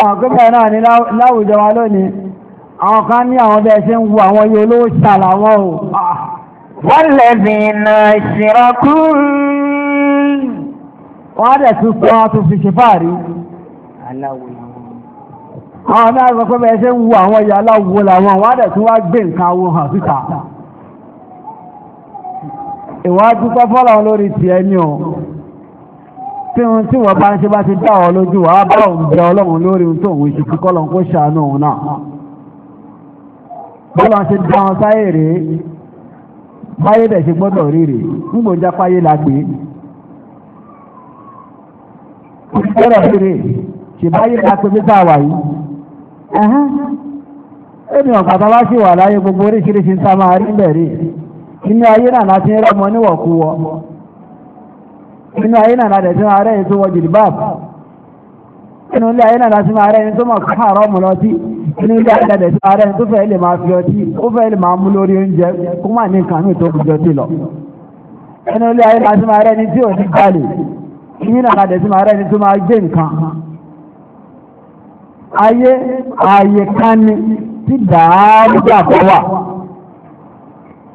àwọn gómìnà náà ní láwùjọ wa lónìí. àwọn kan ní àwọn bẹ́ẹ̀ ṣe ń wo àwọn yòó lówó ṣàlàwọ́ o. Ah.
والذين أشركوا wọ́n dẹ̀ tún sọ ọ́ tún fi ṣe fáàrí àwọn náà sọ
pé bẹ́ẹ̀ ṣe ń wo àwọn ìyá aláwo làwọn wọ́n dẹ̀ tún wá gbé nǹkan awo hàn síta ìwádìí sọ fọ́lọ̀ lórí ti ẹni o tí wọ́n tí wọ́n bá ń ṣe bá ti dá ọ lójú wa bá òun jẹ ọlọ́run lórí ohun òun ṣe fi kọ́lọ̀ kó ṣàánú òun náà bọ́lọ̀ ṣe dá wọn sáyé báyé ṣe gbọ́dọ̀ rírè ńgbòjá páyé la gbé gbọ́dọ̀ ṣe báyé la pé bíbá wà yìí ẹni bá gbogbo oríṣiríṣi ń sá máa rí bẹ̀rẹ̀ inú ayé náà láti níwọ̀kú wọ inú ayé náà láti ń rọ́mọ inú ilé ayé náà láti máa rẹ ẹni tó mọ̀ ká àrọ́ mọ̀ lọ́tí inú ilé ayé náà láti máa rẹ ẹni tó fẹ́ lè máa fi ọtí ó fẹ́ lè máa mú lórí oúnjẹ kó má ní nǹkan mìíràn tó fi jọtí lọ inú ilé ayé láti máa rẹ ẹni tí ò ní gbalè inú náà láti máa rẹ ẹni tó máa gbé nǹkan ayé ààyè kan ni tí dàájà bọ́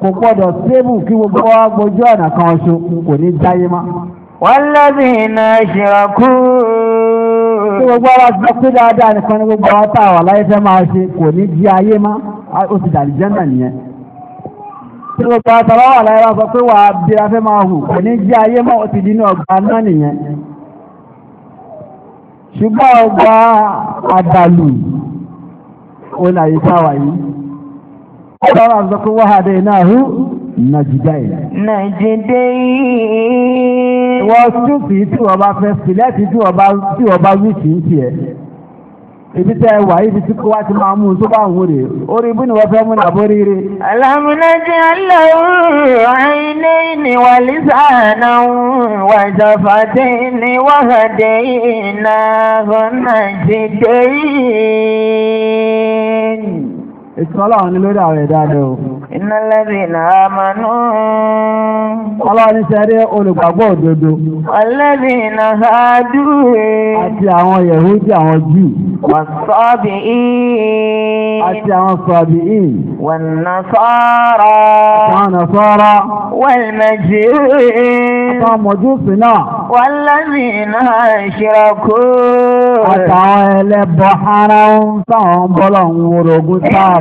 wà kò gbọ́dọ̀ sébù kí gbogbo wa gbójú ọ̀nà kan ṣo kò ní jáyé má.
wọ́n lọ́bìn
gbogbo wa sọ pé dáadáa nìkan ni gbogbo wa tà láyé fẹ́ máa ṣe kò ní jí ayé má ó ti jẹ́nà nìyẹn tí gbogbo wa wà láyé sọ pé wà máa hù kò ní jí ayé má ó ti ní ọgbà náà nìyẹn ṣùgbọ́n ọgbà àdàlù ó sọ
pé
ìwọ ṣúùfì tí wọ́n bá fẹ́ sílẹ́ẹ̀tì tí wọ́n bá wíṣì ń tiẹ̀ ibi tẹ́ wà ibi tí kó wá
ti máa mú tó bá ń wúre orí ibú ni wọ́n fẹ́ mú nàbó rere. alámúnájí aláwọ̀ Ìtọ́lọ́run ni lórí àwọn ẹ̀dá rẹ̀ o. Iná lẹ́bí náà máa nú. Ọlọ́run ní sẹ́rí olùgbàgbọ́ òdodo. Ọlẹ́bí náà ṣáájú rẹ̀. Àti àwọn Yẹ̀húdí àwọn Júù. Wọ́n sọ́bì ìí. Àti àwọn sọ́bì ìí. Wọ́n nà sọ́rọ̀. Àtàwọn nà sọ́rọ̀. Wọ́n mẹ́jì rí. Àtàwọn mọ̀júùsì náà. Wọ́n lẹ́bí náà ṣìrọ̀kú. Àtàwọn ẹlẹ́bọ̀ ara ń sáwọn bọ́lọ̀ ń worogún sáà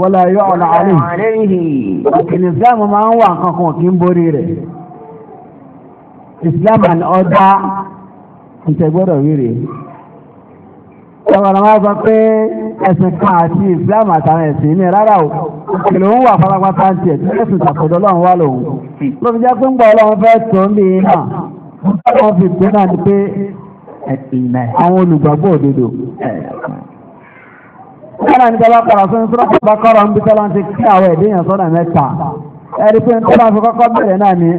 wọ́lá yọ́ ọ̀nà àríhì ọ̀kìnì islamu máa ń wà kankan kí ń borí rẹ̀ islam and ọdá ìtẹ̀gbọ́dọ̀ wíre ọ̀rọ̀ máa sọ pé ẹ̀sìn kan àti islam àtàwọn ẹ̀sìn ní rárá o kìlò ń wà pátápátá ń ẹ̀sìn tàkọ̀dọ̀ wá kọ́nà ní tọ́lá padà sóyún sọ́rọ́ pàpà kọ́rọ̀ ń bí tọ́lá ti na àwọn ẹ̀dẹ́yàn sọ́nà mẹ́ta ẹ̀rí pé tọ́lá fi kọ́kọ́ bẹ̀rẹ̀ náà ni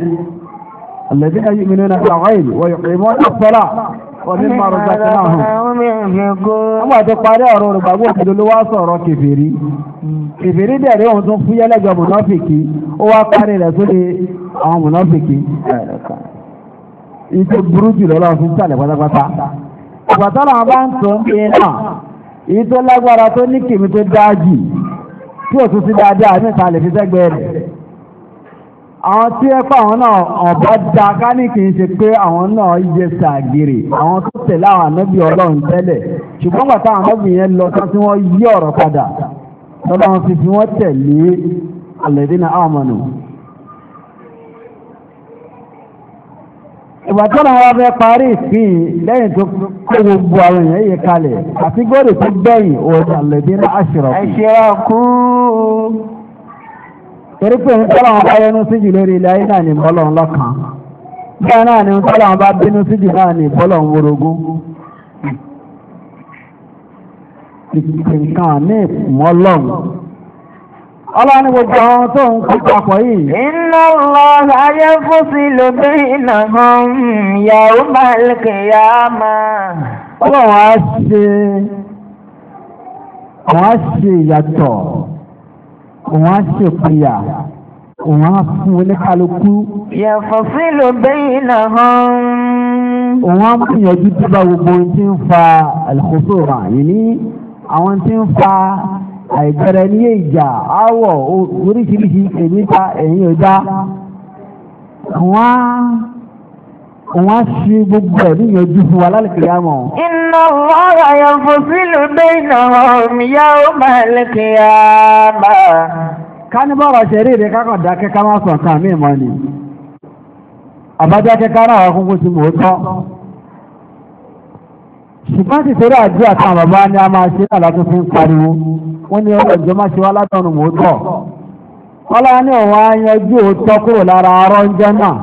alẹ́bí èyí tó lágbára tó ní kìmí tó dáájì tí ò tún sí dáadáa níta lè fi sẹ́gbẹ́ rẹ̀ àwọn tí ẹ pa àwọn náà ọ̀bọ̀ da ká ní kìí ṣe pé àwọn náà yẹ sàgìrì àwọn tó tẹ̀lé àwọn ànábì ọlọ́run tẹ́lẹ̀ ṣùgbọ́n gbàtà àwọn ànábì yẹn lọ tán tí wọ́n yí ọ̀rọ̀ padà lọ́dọ̀ wọn fi fi wọ́n tẹ̀lé àlẹ́dínà àwọn ìgbàtọ́nà wọn fẹ́ parí ìsìn lẹ́yìn tó kó gbogbo àwọn èèyàn yìí kalẹ̀ àti gbọ́dọ̀ tó gbẹ̀yìn òòjà lẹ́bí ní àṣìrọ̀kù. àṣìrọ̀kù. torí pé ní tọ́lá bá yẹnu síjù lórí ilẹ̀ ayé náà ní bọ́lọ̀ ńlọ́kan bẹ́ẹ̀ náà ní tọ́lá wọn bá bínú síjù náà ní bọ́lọ̀ ńworogún. nǹkan ní ìmọ̀lọ́run
ọlọ́ni gbogbo àwọn tó ń kó papọ̀ yìí. iná lọ ayé fún sí lóbi iná hàn yàrá màlìkì yá máa. ọlọ́run á ṣe
àwọn á ṣe ìyàtọ̀ àwọn á ṣe ìpìyà àwọn á fún oníkálukú.
yàtọ̀ sí lóbi iná hàn. òun á mú ìyànjú tó bá gbogbo ohun tí ń fa
àlùkò sóra yìí ní àwọn tí ń fa àìgbẹ̀rẹ̀ ní ìjà áwọ̀ oríṣiríṣi èmíta ẹ̀yìn ọjá wọ́n ṣe gbogbo ẹ̀ ní ìyànjú fún wa lálẹ́kẹ̀ẹ́ àmọ́
iná lọ́rọ̀ yẹn fún sílù bẹ́ẹ̀nà ọmọya ó máa lẹ́kẹ̀ẹ́ àmà
ká ní bọ́rọ̀ ṣe rí rẹ̀ ṣùgbọ́n ti torí àjú àtàwọn bàbá ni a máa ṣe àlàtò fi ń pariwo wọ́n ní ìjọ máa ṣe wá látọ̀nù
tọ̀ ọlá ní òótọ́ kúrò lára arọ́ ń jẹ́ náà.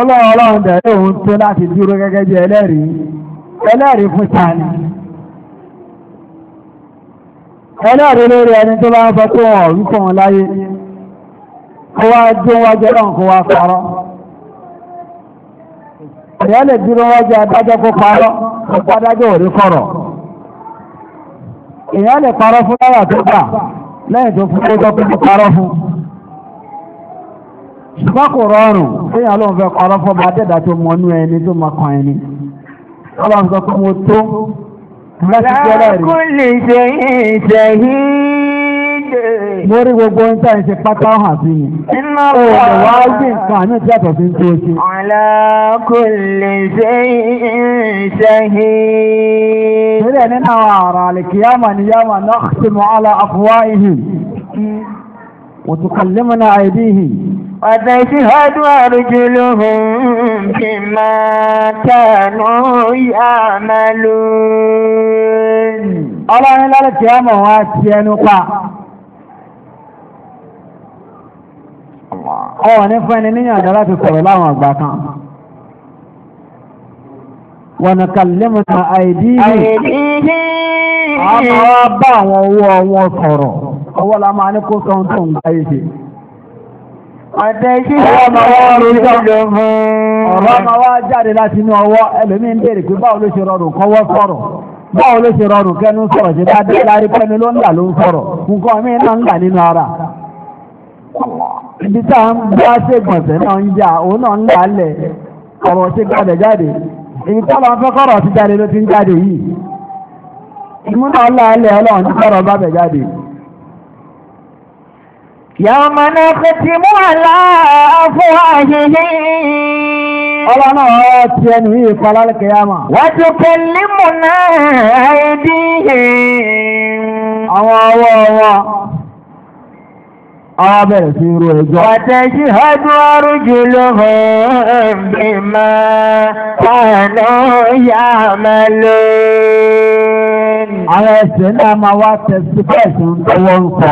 ọlọ́run dẹ̀rẹ́ òun tó láti dúró
gẹ́gẹ́ bí ẹlẹ́rìí ẹlẹ́rìí fún tani
ẹlẹ́rìí lórí ẹni
tó bá ń kó wá nwaje wájú ọlọ́run kó wá lè dúró wájú adájọ́ kó parọ́ ọ̀pọ̀ adájọ́ ò rí kọ̀rọ̀ lè parọ́ fún lára tó gbà lẹ́yìn tó fún kójọ́ pé fún ṣùgbọ́n rọrùn fún ìyá lóun fẹ́ parọ́ fún ọba tó mọ inú ẹni tó mọ lókè. mo rí gbogbo ohun tá à ń ṣe pátá hàn sí mi. iná pa ó lè wá gbé
nǹkan àmì tí àtọ̀ fi ń tó ṣe. ala kulli shay'in shahid. sílẹ̀ nínú àwọn àrà àlìkìyàmà ni yàmà náà ti mọ ala afwahihim. وتكلمنا أيديهم وتشهد أرجلهم بما كانوا يعملون الله لا
تيامه واتيانوكا ọwọ̀ ní fún ẹni níyàn sọ̀rọ̀ láwọn àgbà kan wọ̀nà kàlẹ́mù na àìdí àwọn bá àwọn owó ọwọ́ sọ̀rọ̀ ọwọ́ la máa ní kó sọ́n tó ń gbáyé báwo ló ṣe rọrùn sọ̀rọ̀ lárí ló ń dà ló ń sọ̀rọ̀ nǹkan náà ń nínú ara ibi tá à ń bá ṣègbọ̀nsẹ̀ náà ń jà òun náà ń là á lẹ̀ ọ̀rọ̀ ṣe gbọ́dọ̀ jáde èyí tó lọ fẹ́ kọ́rọ̀ ti jáde ló ti ń jáde yìí ìmúná ọlá alẹ́ ọlọ́run ti
kọ́rọ̀ bá bẹ̀ jáde. yàmà náà fi ti mú àlá fún àyíyí. ọlọ́run náà ti ẹnu yìí pa lálẹ́kẹ̀ yàmà. wọ́n ti kẹ́ límù náà àìdíyè. àwọn ọwọ́ wọn. Àwọn bẹ̀rẹ̀ sí irú ẹjọ́. Ọ̀tẹ̀sí ọdún ọrùn jù ló hàn bí máa ọ̀nà yà máa lò. Àwọn ẹsẹ̀ náà máa wá tẹ̀sí fẹ́ẹ̀sì ń tọwọ́ ń kọ.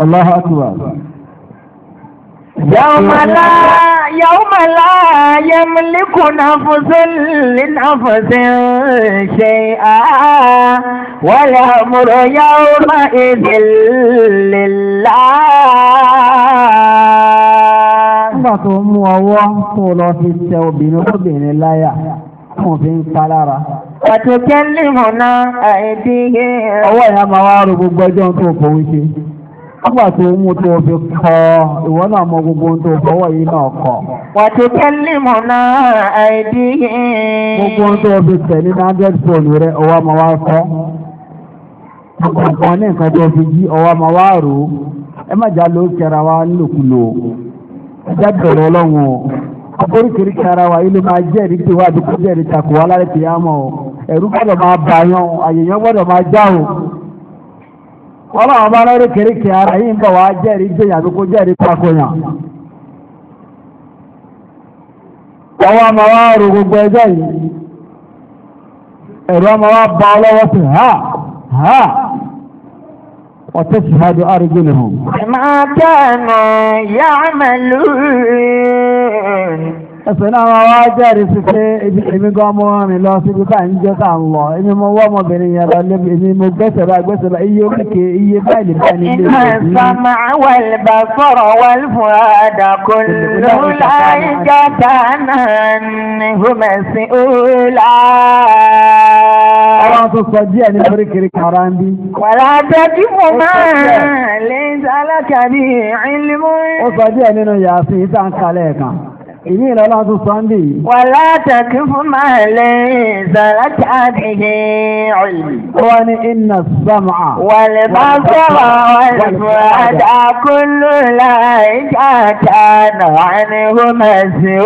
Ọlọ́hàtúwà. Yàwùmọ̀lá yẹmìlíkù náà fúnṣẹ́ lẹ́nà fúnṣẹ́ ṣe àá wọ́lẹ̀ àmúrò yàwùmọ̀ ìdìlélá. Nígbà tó mú ọwọ́ tó lọ
fi tẹ obìnrin obìnrin láyà, kò fi ń palára.
Ọ̀tún kẹ́lìmọ̀ náà àìdíyẹ.
Ọwọ́ ìyá máa wá rò gbogbo ẹjọ́ tó fòun ṣe. Nígbà tí ó mú tó fi kọ ìwọ náà mọ gbogbo ohun tó fọwọ́ yìí náà kọ. Wàtí tẹ́lẹ̀
mọ̀ náà àìdí.
Gbogbo ohun tó fi tẹ̀ ní hundred phone rẹ̀ ọwọ́ ọmọ wa kọ́. Ọ̀pọ̀ ní nǹkan tó fi jí ọwọ́ ọmọ wa rò ó. Ẹ má jà ló kẹra wa nílòkulò. Ẹ já bẹ̀rẹ̀ ọlọ́run o. Oríkèrí kẹra wa ilé máa jẹ́rìí tiwa àdúgbò jẹ́rìí takò wa lálẹ́ tìyàmọ̀ o. Ẹ̀rú gbọ́dọ̀ máa bàyàn, àyèyàn gbọ́dọ̀ máa já o ọlọ́run bá lọ́rí kìríkì ara yìí ń bọ̀ wá jẹ́rìí gbìyàn àbí kó jẹ́rìí takoyàn ọwọ́ ọmọ wá rò gbogbo ẹjọ́ yìí ẹ̀rọ ọmọ wá bá
ọlọ́wọ́ sí ha ha وتشهد أرجلهم ما كانوا يعملون
ẹ̀sẹ̀ náà wọ́n wá jẹ́rìí sí pé èmi gan mọ́ rìn lọ síbi bá ń jẹ́ ká ń lọ èmi mo wọ́ ọmọbìnrin yẹn lọ lébi èmi mo gbẹ́sẹ̀ bá gbẹ́sẹ̀ bá iye oríkè iye báyìí bá ní ilé ìwé. ìsàmà
wàlbà sọ̀rọ̀ wàlfù àdàkọ lóláyé gàdá náà ní gómẹ̀sì òòlà. Àwọn tó sọ díẹ̀ ní oríkèrè kàrá ń bí. Wàlá tẹ́tí mo máa lè sálákà ní Ìní ìrọ̀lá tó Sọ́ndì. Wà látàkí fún máa lè zàrátà àdìyẹ ọ̀lì. Ó wá ní iná sọ́mà. Wà lè bá sọ́rọ̀ wà fún àdàkúlù láìjà tánà wà ní Gómẹ̀sì ní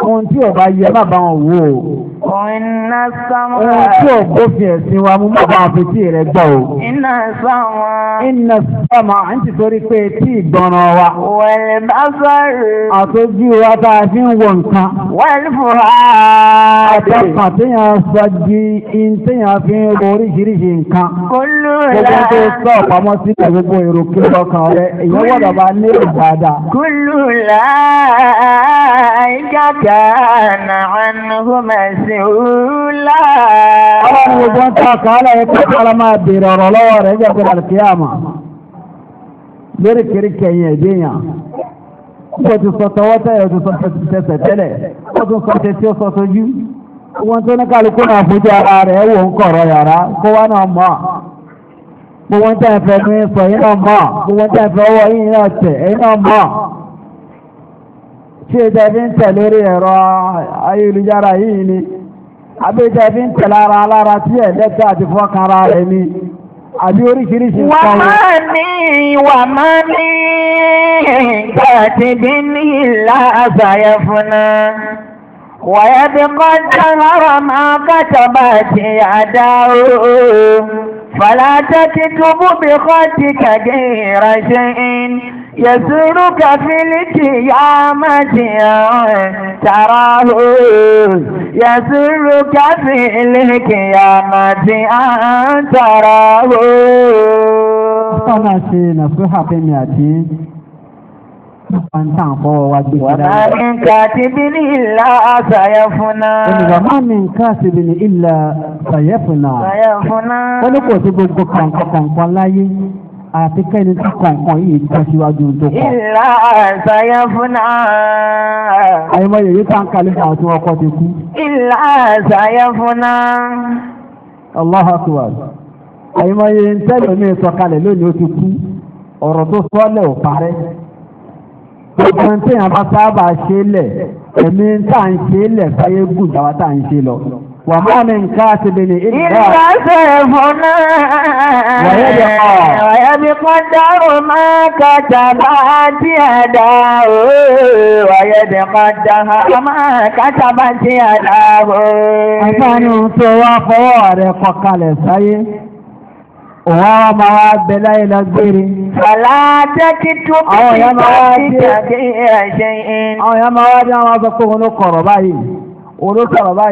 ohun tí ọba yẹ má bá wọn wò
ó. iná sáwọn. ohun tí ògbófin
ẹ̀sìn wa mú má bá wọn fi tí rẹ gbọ́ o. iná sáwọn. iná sáwọn à ń ti torí pé tí ìgbọràn wa. wẹ̀lẹ̀ bá sọ̀rọ̀. àtọ́jú wa tá a fi ń wọ nǹkan. wẹ̀lẹ̀ fúra. àtọ́kàn téèyàn sọ di in téèyàn fi ń ro oríṣiríṣi nǹkan. olú rẹ̀. gbogbo tó sọ pamọ́ sí gbogbo èrò kí lọ́kàn rẹ̀ èyí wọ́n bàbá ní ìgbàdà.
kúlù láì jáde kana anhu mas'ula. ọlọ́run gbogbo ń ta
àkàálẹ̀ yẹn pé kọ́lá máa bèèrè ọ̀rọ̀ lọ́wọ́ rẹ̀ nígbà gbọ́dọ̀ àlùkìyàmà lórí kiri kẹyìn ẹ̀dẹ́yàn ó ti sọ tọwọ́ tẹ́lẹ̀ ó ti sọ tẹsẹ̀ tẹ́lẹ̀ ó ti sọ tẹ́tí ó sọ tójú wọ́n tó ní kálukú náà fojú ara rẹ̀ wò ń kọ̀rọ̀ yàrá kó wá náà mọ̀ gbogbo ń tẹ́ fẹ́ ní sọ yín náà mọ̀ gbogbo ń tẹ́ fẹ́ ọwọ́ yín náà tẹ̀ ẹ̀yin náà mọ̀. tí ẹ tẹ́ fi ń tẹ̀ leta yìí ni àbí tẹ́ ń tẹ̀ lára alára tí ẹ̀ lẹ́tọ́
àti fọ́kànra rẹ̀ ni àbí oríṣiríṣi nǹkan yìí. wà máa ní wà máa ní kàtìbí ní ìlà àṣàyẹ fúnná ويبقى الدهر ما كتبت يداه فلا تكتب بخطك يزورك في القيامة تراه يزورك في القيامة تراه Sọ́nà ṣe nà fún àfẹ́mi
àti Pàǹtà àkọ́ wa gbé jẹ́ dáadáa. Wà máa ń ká ti bí ní ìlà àṣàyẹ fúnná. ní
kò sí gbogbo kọ̀ǹkọ̀ǹkan
láyé àti kẹ́ni tí kọ̀ọ̀kan yìí ti tẹ̀síwájú tó kọ̀. ìlà àṣàyẹ fúnà. àyẹ̀mọ yèyí táǹkàlẹ̀ àwọn tí wọ́n kọ́ ti kú.
ìlà àṣàyẹ fúnà.
Allahu akbar. àyẹ̀mọ yèyí ń tẹ́lẹ̀ ní ìsọ̀kalẹ̀ lónìí ó ti kú ọ̀rọ̀ tó sọ́lẹ̀ ò parẹ́. gbogbo tí a sábà ṣe lẹ̀ ẹ̀mí tá à ń ṣe lẹ̀ fáyé gùn dáwà tá ń ṣe lọ. وما من كاتب إلا سيفنا
ويبقى ويبقى الدار ما كتبت يداه ويبقى الدهر ما كتبت يداه أفنوا سوى فوارق قلسي Òwárá máa wá bẹ láyé lágbére. Fàlàájẹ́ kí tó bí i tàbí ẹ̀ṣẹ́ in. Àwọn ìyá
máa wá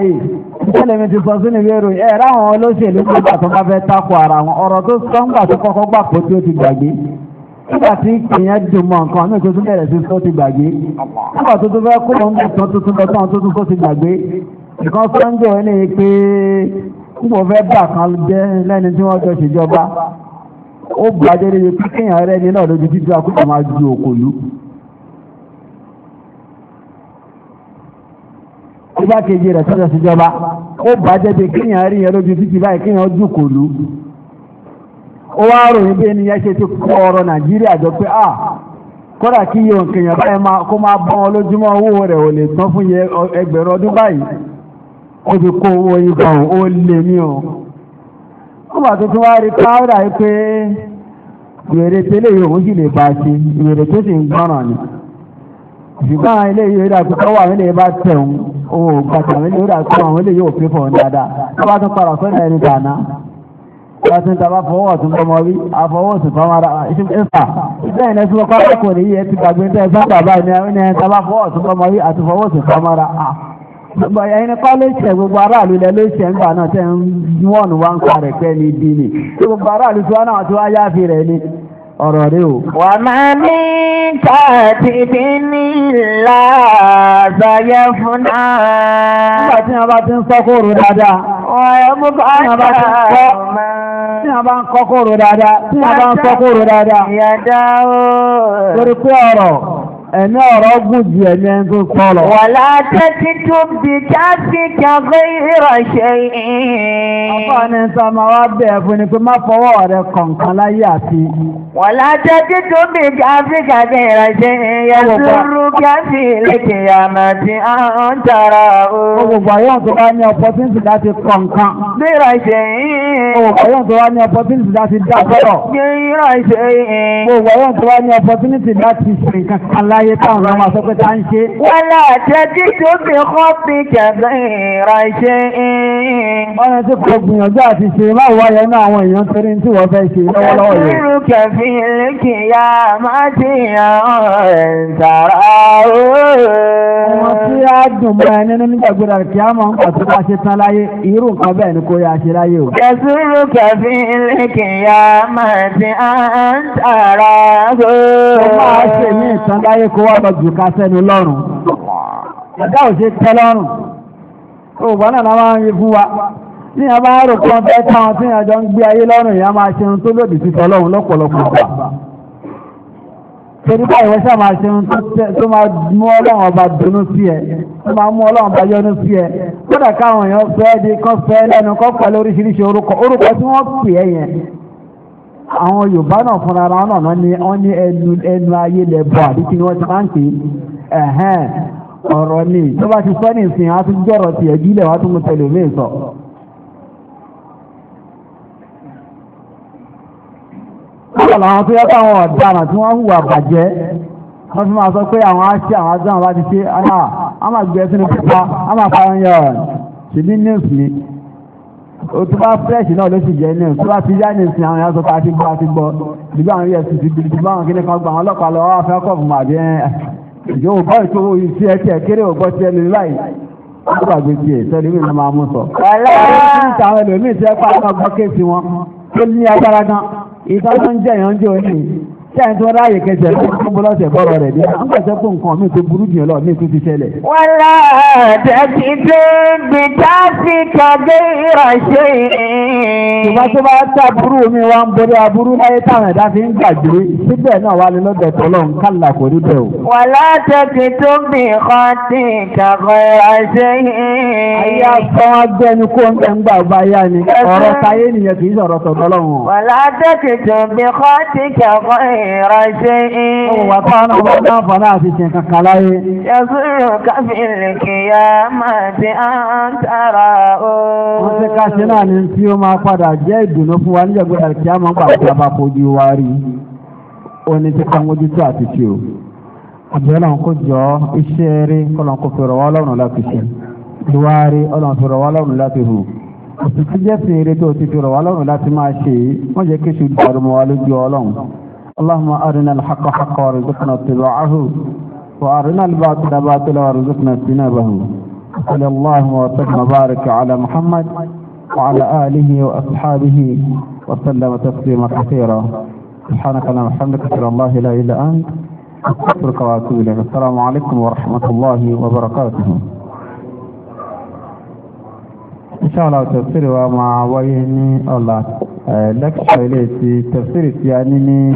tẹ́lẹ̀mí ti sọ sínú ìwé ìròyìn ẹ̀rọ àwọn olóṣèlú gbọ́gbà tó bá fẹ́ tako ara wọn ọ̀rọ̀ tó sọ ń gbà tó kọ́kọ́ gbà pé tí ó ti gbàgbé nígbà tí èèyàn dùn mọ́ nǹkan ní ìtòtún bẹ̀rẹ̀ sí tó ti gbàgbé nígbà tó tún fẹ́ kó lóun bẹ̀ tán tuntun lọ tán tuntun tó ti gbàgbé nǹkan sọ́ńdọ̀ ẹ̀ ní pé nígbà fẹ́ bà kan jẹ́ lẹ́ni tí wọ́n jọ ṣèjọba ó gbàdé lóye pé kéèyàn rẹ̀ ní náà lójú títí akúkọ̀ máa ju òkòlù igbákejì rẹ̀ tọ́jọ́ síjọba ó bàjẹ́ pé kíyàn rí yẹn lójú títí báyìí kíyàn ojú kò lú ó wá ròyìn bí ẹni yẹn ṣe ti kọ ọ̀rọ̀ nàìjíríà jọ pé à ah, kódà kí yóò kèèyàn báyìí kó máa ọ owó rẹ̀ ò lè tán fún ẹgbẹ̀rún ọdún báyìí ó ti kó owó yìí gan ó lè o ó bà tó tún lè sì lè ṣùgbọ́n àwọn ilé yìí rà pé ọwọ́ àwọn ilé yìí bá tẹ̀wọ̀n ohun ògbàtà àwọn ilé yìí rà pé àwọn ilé yìí ò pé fọ̀ọ́ dáadáa wọ́n bá tún padà sọ́nà ẹni dáná láti ń tàbá fọwọ́ ọ̀tún bọ́mọ rí àfọwọ́ òsì fáwọn ará ìfà ìgbẹ́ ìnẹ́ tí wọ́n pa kò ní yẹ ti gbàgbé tẹ́ sábà báyìí ní ẹni tàbá fọwọ́ ọ̀tún bọ́mọ rí àti fọwọ́ òsì fáwọn ará à gbogbo ẹ̀yin ni kọ́lẹ́sì ẹ̀ gbogbo aráàlú lẹ ló ṣe ń gbà náà tẹ́ ń wọ́n wá ń kọ́ rẹ̀ pẹ́ ní ibi ni gbogbo aráàlú tí wọ́n náà ọ̀rọ̀ rí o. wà
máa ní tàbí nílá àgbáyé fún náà. nígbà tí wọ́n bá ti ń sọ kóòrò dáadáa. ọ̀rọ̀ mú bá ṣe ọ̀rọ̀ Tí a bá ń kọ́ kóòrò dáadáa, tí a bá ń sọ kóòrò dáadáa. Ìyàdá ooo. Torí pé ọ̀rọ̀
ẹ̀mí ọ̀rọ̀ gùn di ẹ̀mí ẹni tó sọ lọ. wàlá tẹ́tí tó bí káàkiri kàfẹ́ ìrọ̀ṣẹ́ yìí. ọkọ ni sọ
ma wá fún ni pé má fọwọ́ rẹ kọ̀ǹkan láyé àti. wàlá tẹ́tí tó bí káàkiri kàfẹ́ ìrọ̀ṣẹ́ yìí. yàtúrú káfí lẹ́kẹ̀ àmàtí àwọn tara o. gbogbo àyàn tó wá ní opportunity láti kọ̀ǹkan. bí ìrọ̀ṣẹ́ yìí.
gbogbo àyàn tó wá ní opportunity láti dá sọ̀rọ̀. bí ìrọ̀ṣẹ́ yìí. gbogbo àyàn tó wá ní opportunity láti ṣe nǹkan láyé láyé táwọn ọmọ àsọpẹ́ tá ń ṣe. wọ́lá
àtẹ́jú tó fi kọ́ fi jẹ̀bẹ̀ ìrànṣẹ́ ọ̀nà tí kò gbìyànjú àti ṣe má wáyé náà àwọn èèyàn torí tí wọ́n fẹ́ ṣe lọ́wọ́lọ́wọ́ yìí. irú kẹfì lẹ́kì máa ti àwọn ẹ̀ǹtàrà ooo. wọ́n ti á dùn
mọ́ nínú ìgbàgbọ́dà kí á mọ̀ nǹkan tó bá ṣe tán láyé irú nǹkan bẹ́ẹ̀ ni kò yá ṣe láyé o. kẹsùrù
kẹfì lẹ́kì máa ti àǹtàrà ooo. ó máa ṣe ní ìtàn láyé kó wá lọ jù ká sẹ́nu lọ́rùn ẹ̀dá ò ṣe
tẹ́ lọ́rùn ògbọ́n náà la máa ń rí fún wa ní a bá rò kan fẹ́ táwọn tí ìrìnàjò ń gbé ayé lọ́rùn ìyá máa ṣe ohun tó lòdì sí tọ́lọ́run lọ́pọ̀lọpọ̀ gbà torí báyìí wọ́n ṣáà máa ṣe ohun tó máa mú ọlọ́run ọba dunú sí ẹ tó máa mú ọlọ́run ọba yọnú sí ẹ kódà káwọn èèyàn fẹ́ di kọ́ fẹ́ àwọn yorùbá náà fúnra ara náà ní wọ́n ní ẹnu ẹnu ayé lẹ́bọ̀ àbí kí ni wọ́n ti máa ń pè é ni tó bá ti sọ ní á tún wá tún mú omi sọ. tó yẹ káwọn ọ̀daràn tí wọ́n hùwà bàjẹ́ wọ́n fi máa sọ pé àwọn aṣẹ́ àwọn bá ti ṣe a máa gbé sínú pípa a ṣèlú ní o tó bá fresh náà ló sì jẹ́ ní o tó bá ti yá ní ìsìn àwọn èèyàn sọ pé a ti gbọ́ a ti gbọ́ dùgbà àwọn efcc dùgbà àwọn kìnnì kan gba àwọn ọlọ́pàá lọ wá fẹ́ kọ́ fún àbí ẹ̀ yóò bọ́ ìṣòwò iṣẹ́ ẹ̀ tiẹ̀ kéré ò gbọ́ tiẹ̀ lórí báyìí ó gbàgbé tiẹ̀ sẹ́ni mi ló máa mú sọ. àwọn ẹlòmíì tẹ́ pa àwọn ọgbọ́n kéèsì wọn tó ní agbára gan ìtọ́jú ń jẹ̀yàn ń jẹ́ òní Kẹ́hìn tó ráyè kẹsẹ̀ fún bọ́lọ́sẹ̀ bọ́rọ̀ rẹ̀ dé. Àwọn kẹsẹ̀ fún nǹkan mi tó burú jù lọ mi tó ti ṣẹlẹ̀. Wọ́n
lọ tẹ̀sí dé bìtá sí kàdé ìrànṣẹ́ yìí.
Ìgbà tó bá ta burú mi wá ń borí aburú láyé táwọn ẹ̀dá fi ń gbàgbé. Síbẹ̀ náà wà lọ́dọ̀ tọ́lọ̀ ń kálà kò rí bẹ́ẹ̀ o.
Wọ́n lọ tẹ̀sí tó bì sí kàkọ́ ìrànṣẹ́ yìí. خير شيء وطانا وطانا
فلا تشك كلاي
يزيك في القيامة أن تراه وسكا شنا ننسيو ما قد
جيد نفوان يقول القيامة بعد بابو جواري ونتكلم وجساتي شو àbẹ̀rẹ̀ ọ̀hún kò jọ iṣẹ́ rí ọlọ́run kò fèrè wá ọlọ́run láti ṣe ìwárí ọlọ́run fèrè wá ọlọ́run láti jẹ́ sí eré tó ti fèrè wá láti máa ṣe wọ́n jẹ́ kéṣù dàrú mọ́ wa lójú ọlọ́run. اللهم أرنا الحق حقا وارزقنا اتباعه وأرنا الباطل باطلا وارزقنا اجتنابه صلى الله وسلم وبارك على محمد وعلى آله وأصحابه وسلم تسليما كثيرا سبحانك اللهم وبحمدك أشهد أن لا إله إلا أنت أستغفرك وأتوب إليك السلام عليكم ورحمة الله وبركاته إن شاء الله تفسير ومع وين الله اه، لك شيء تفسير يعني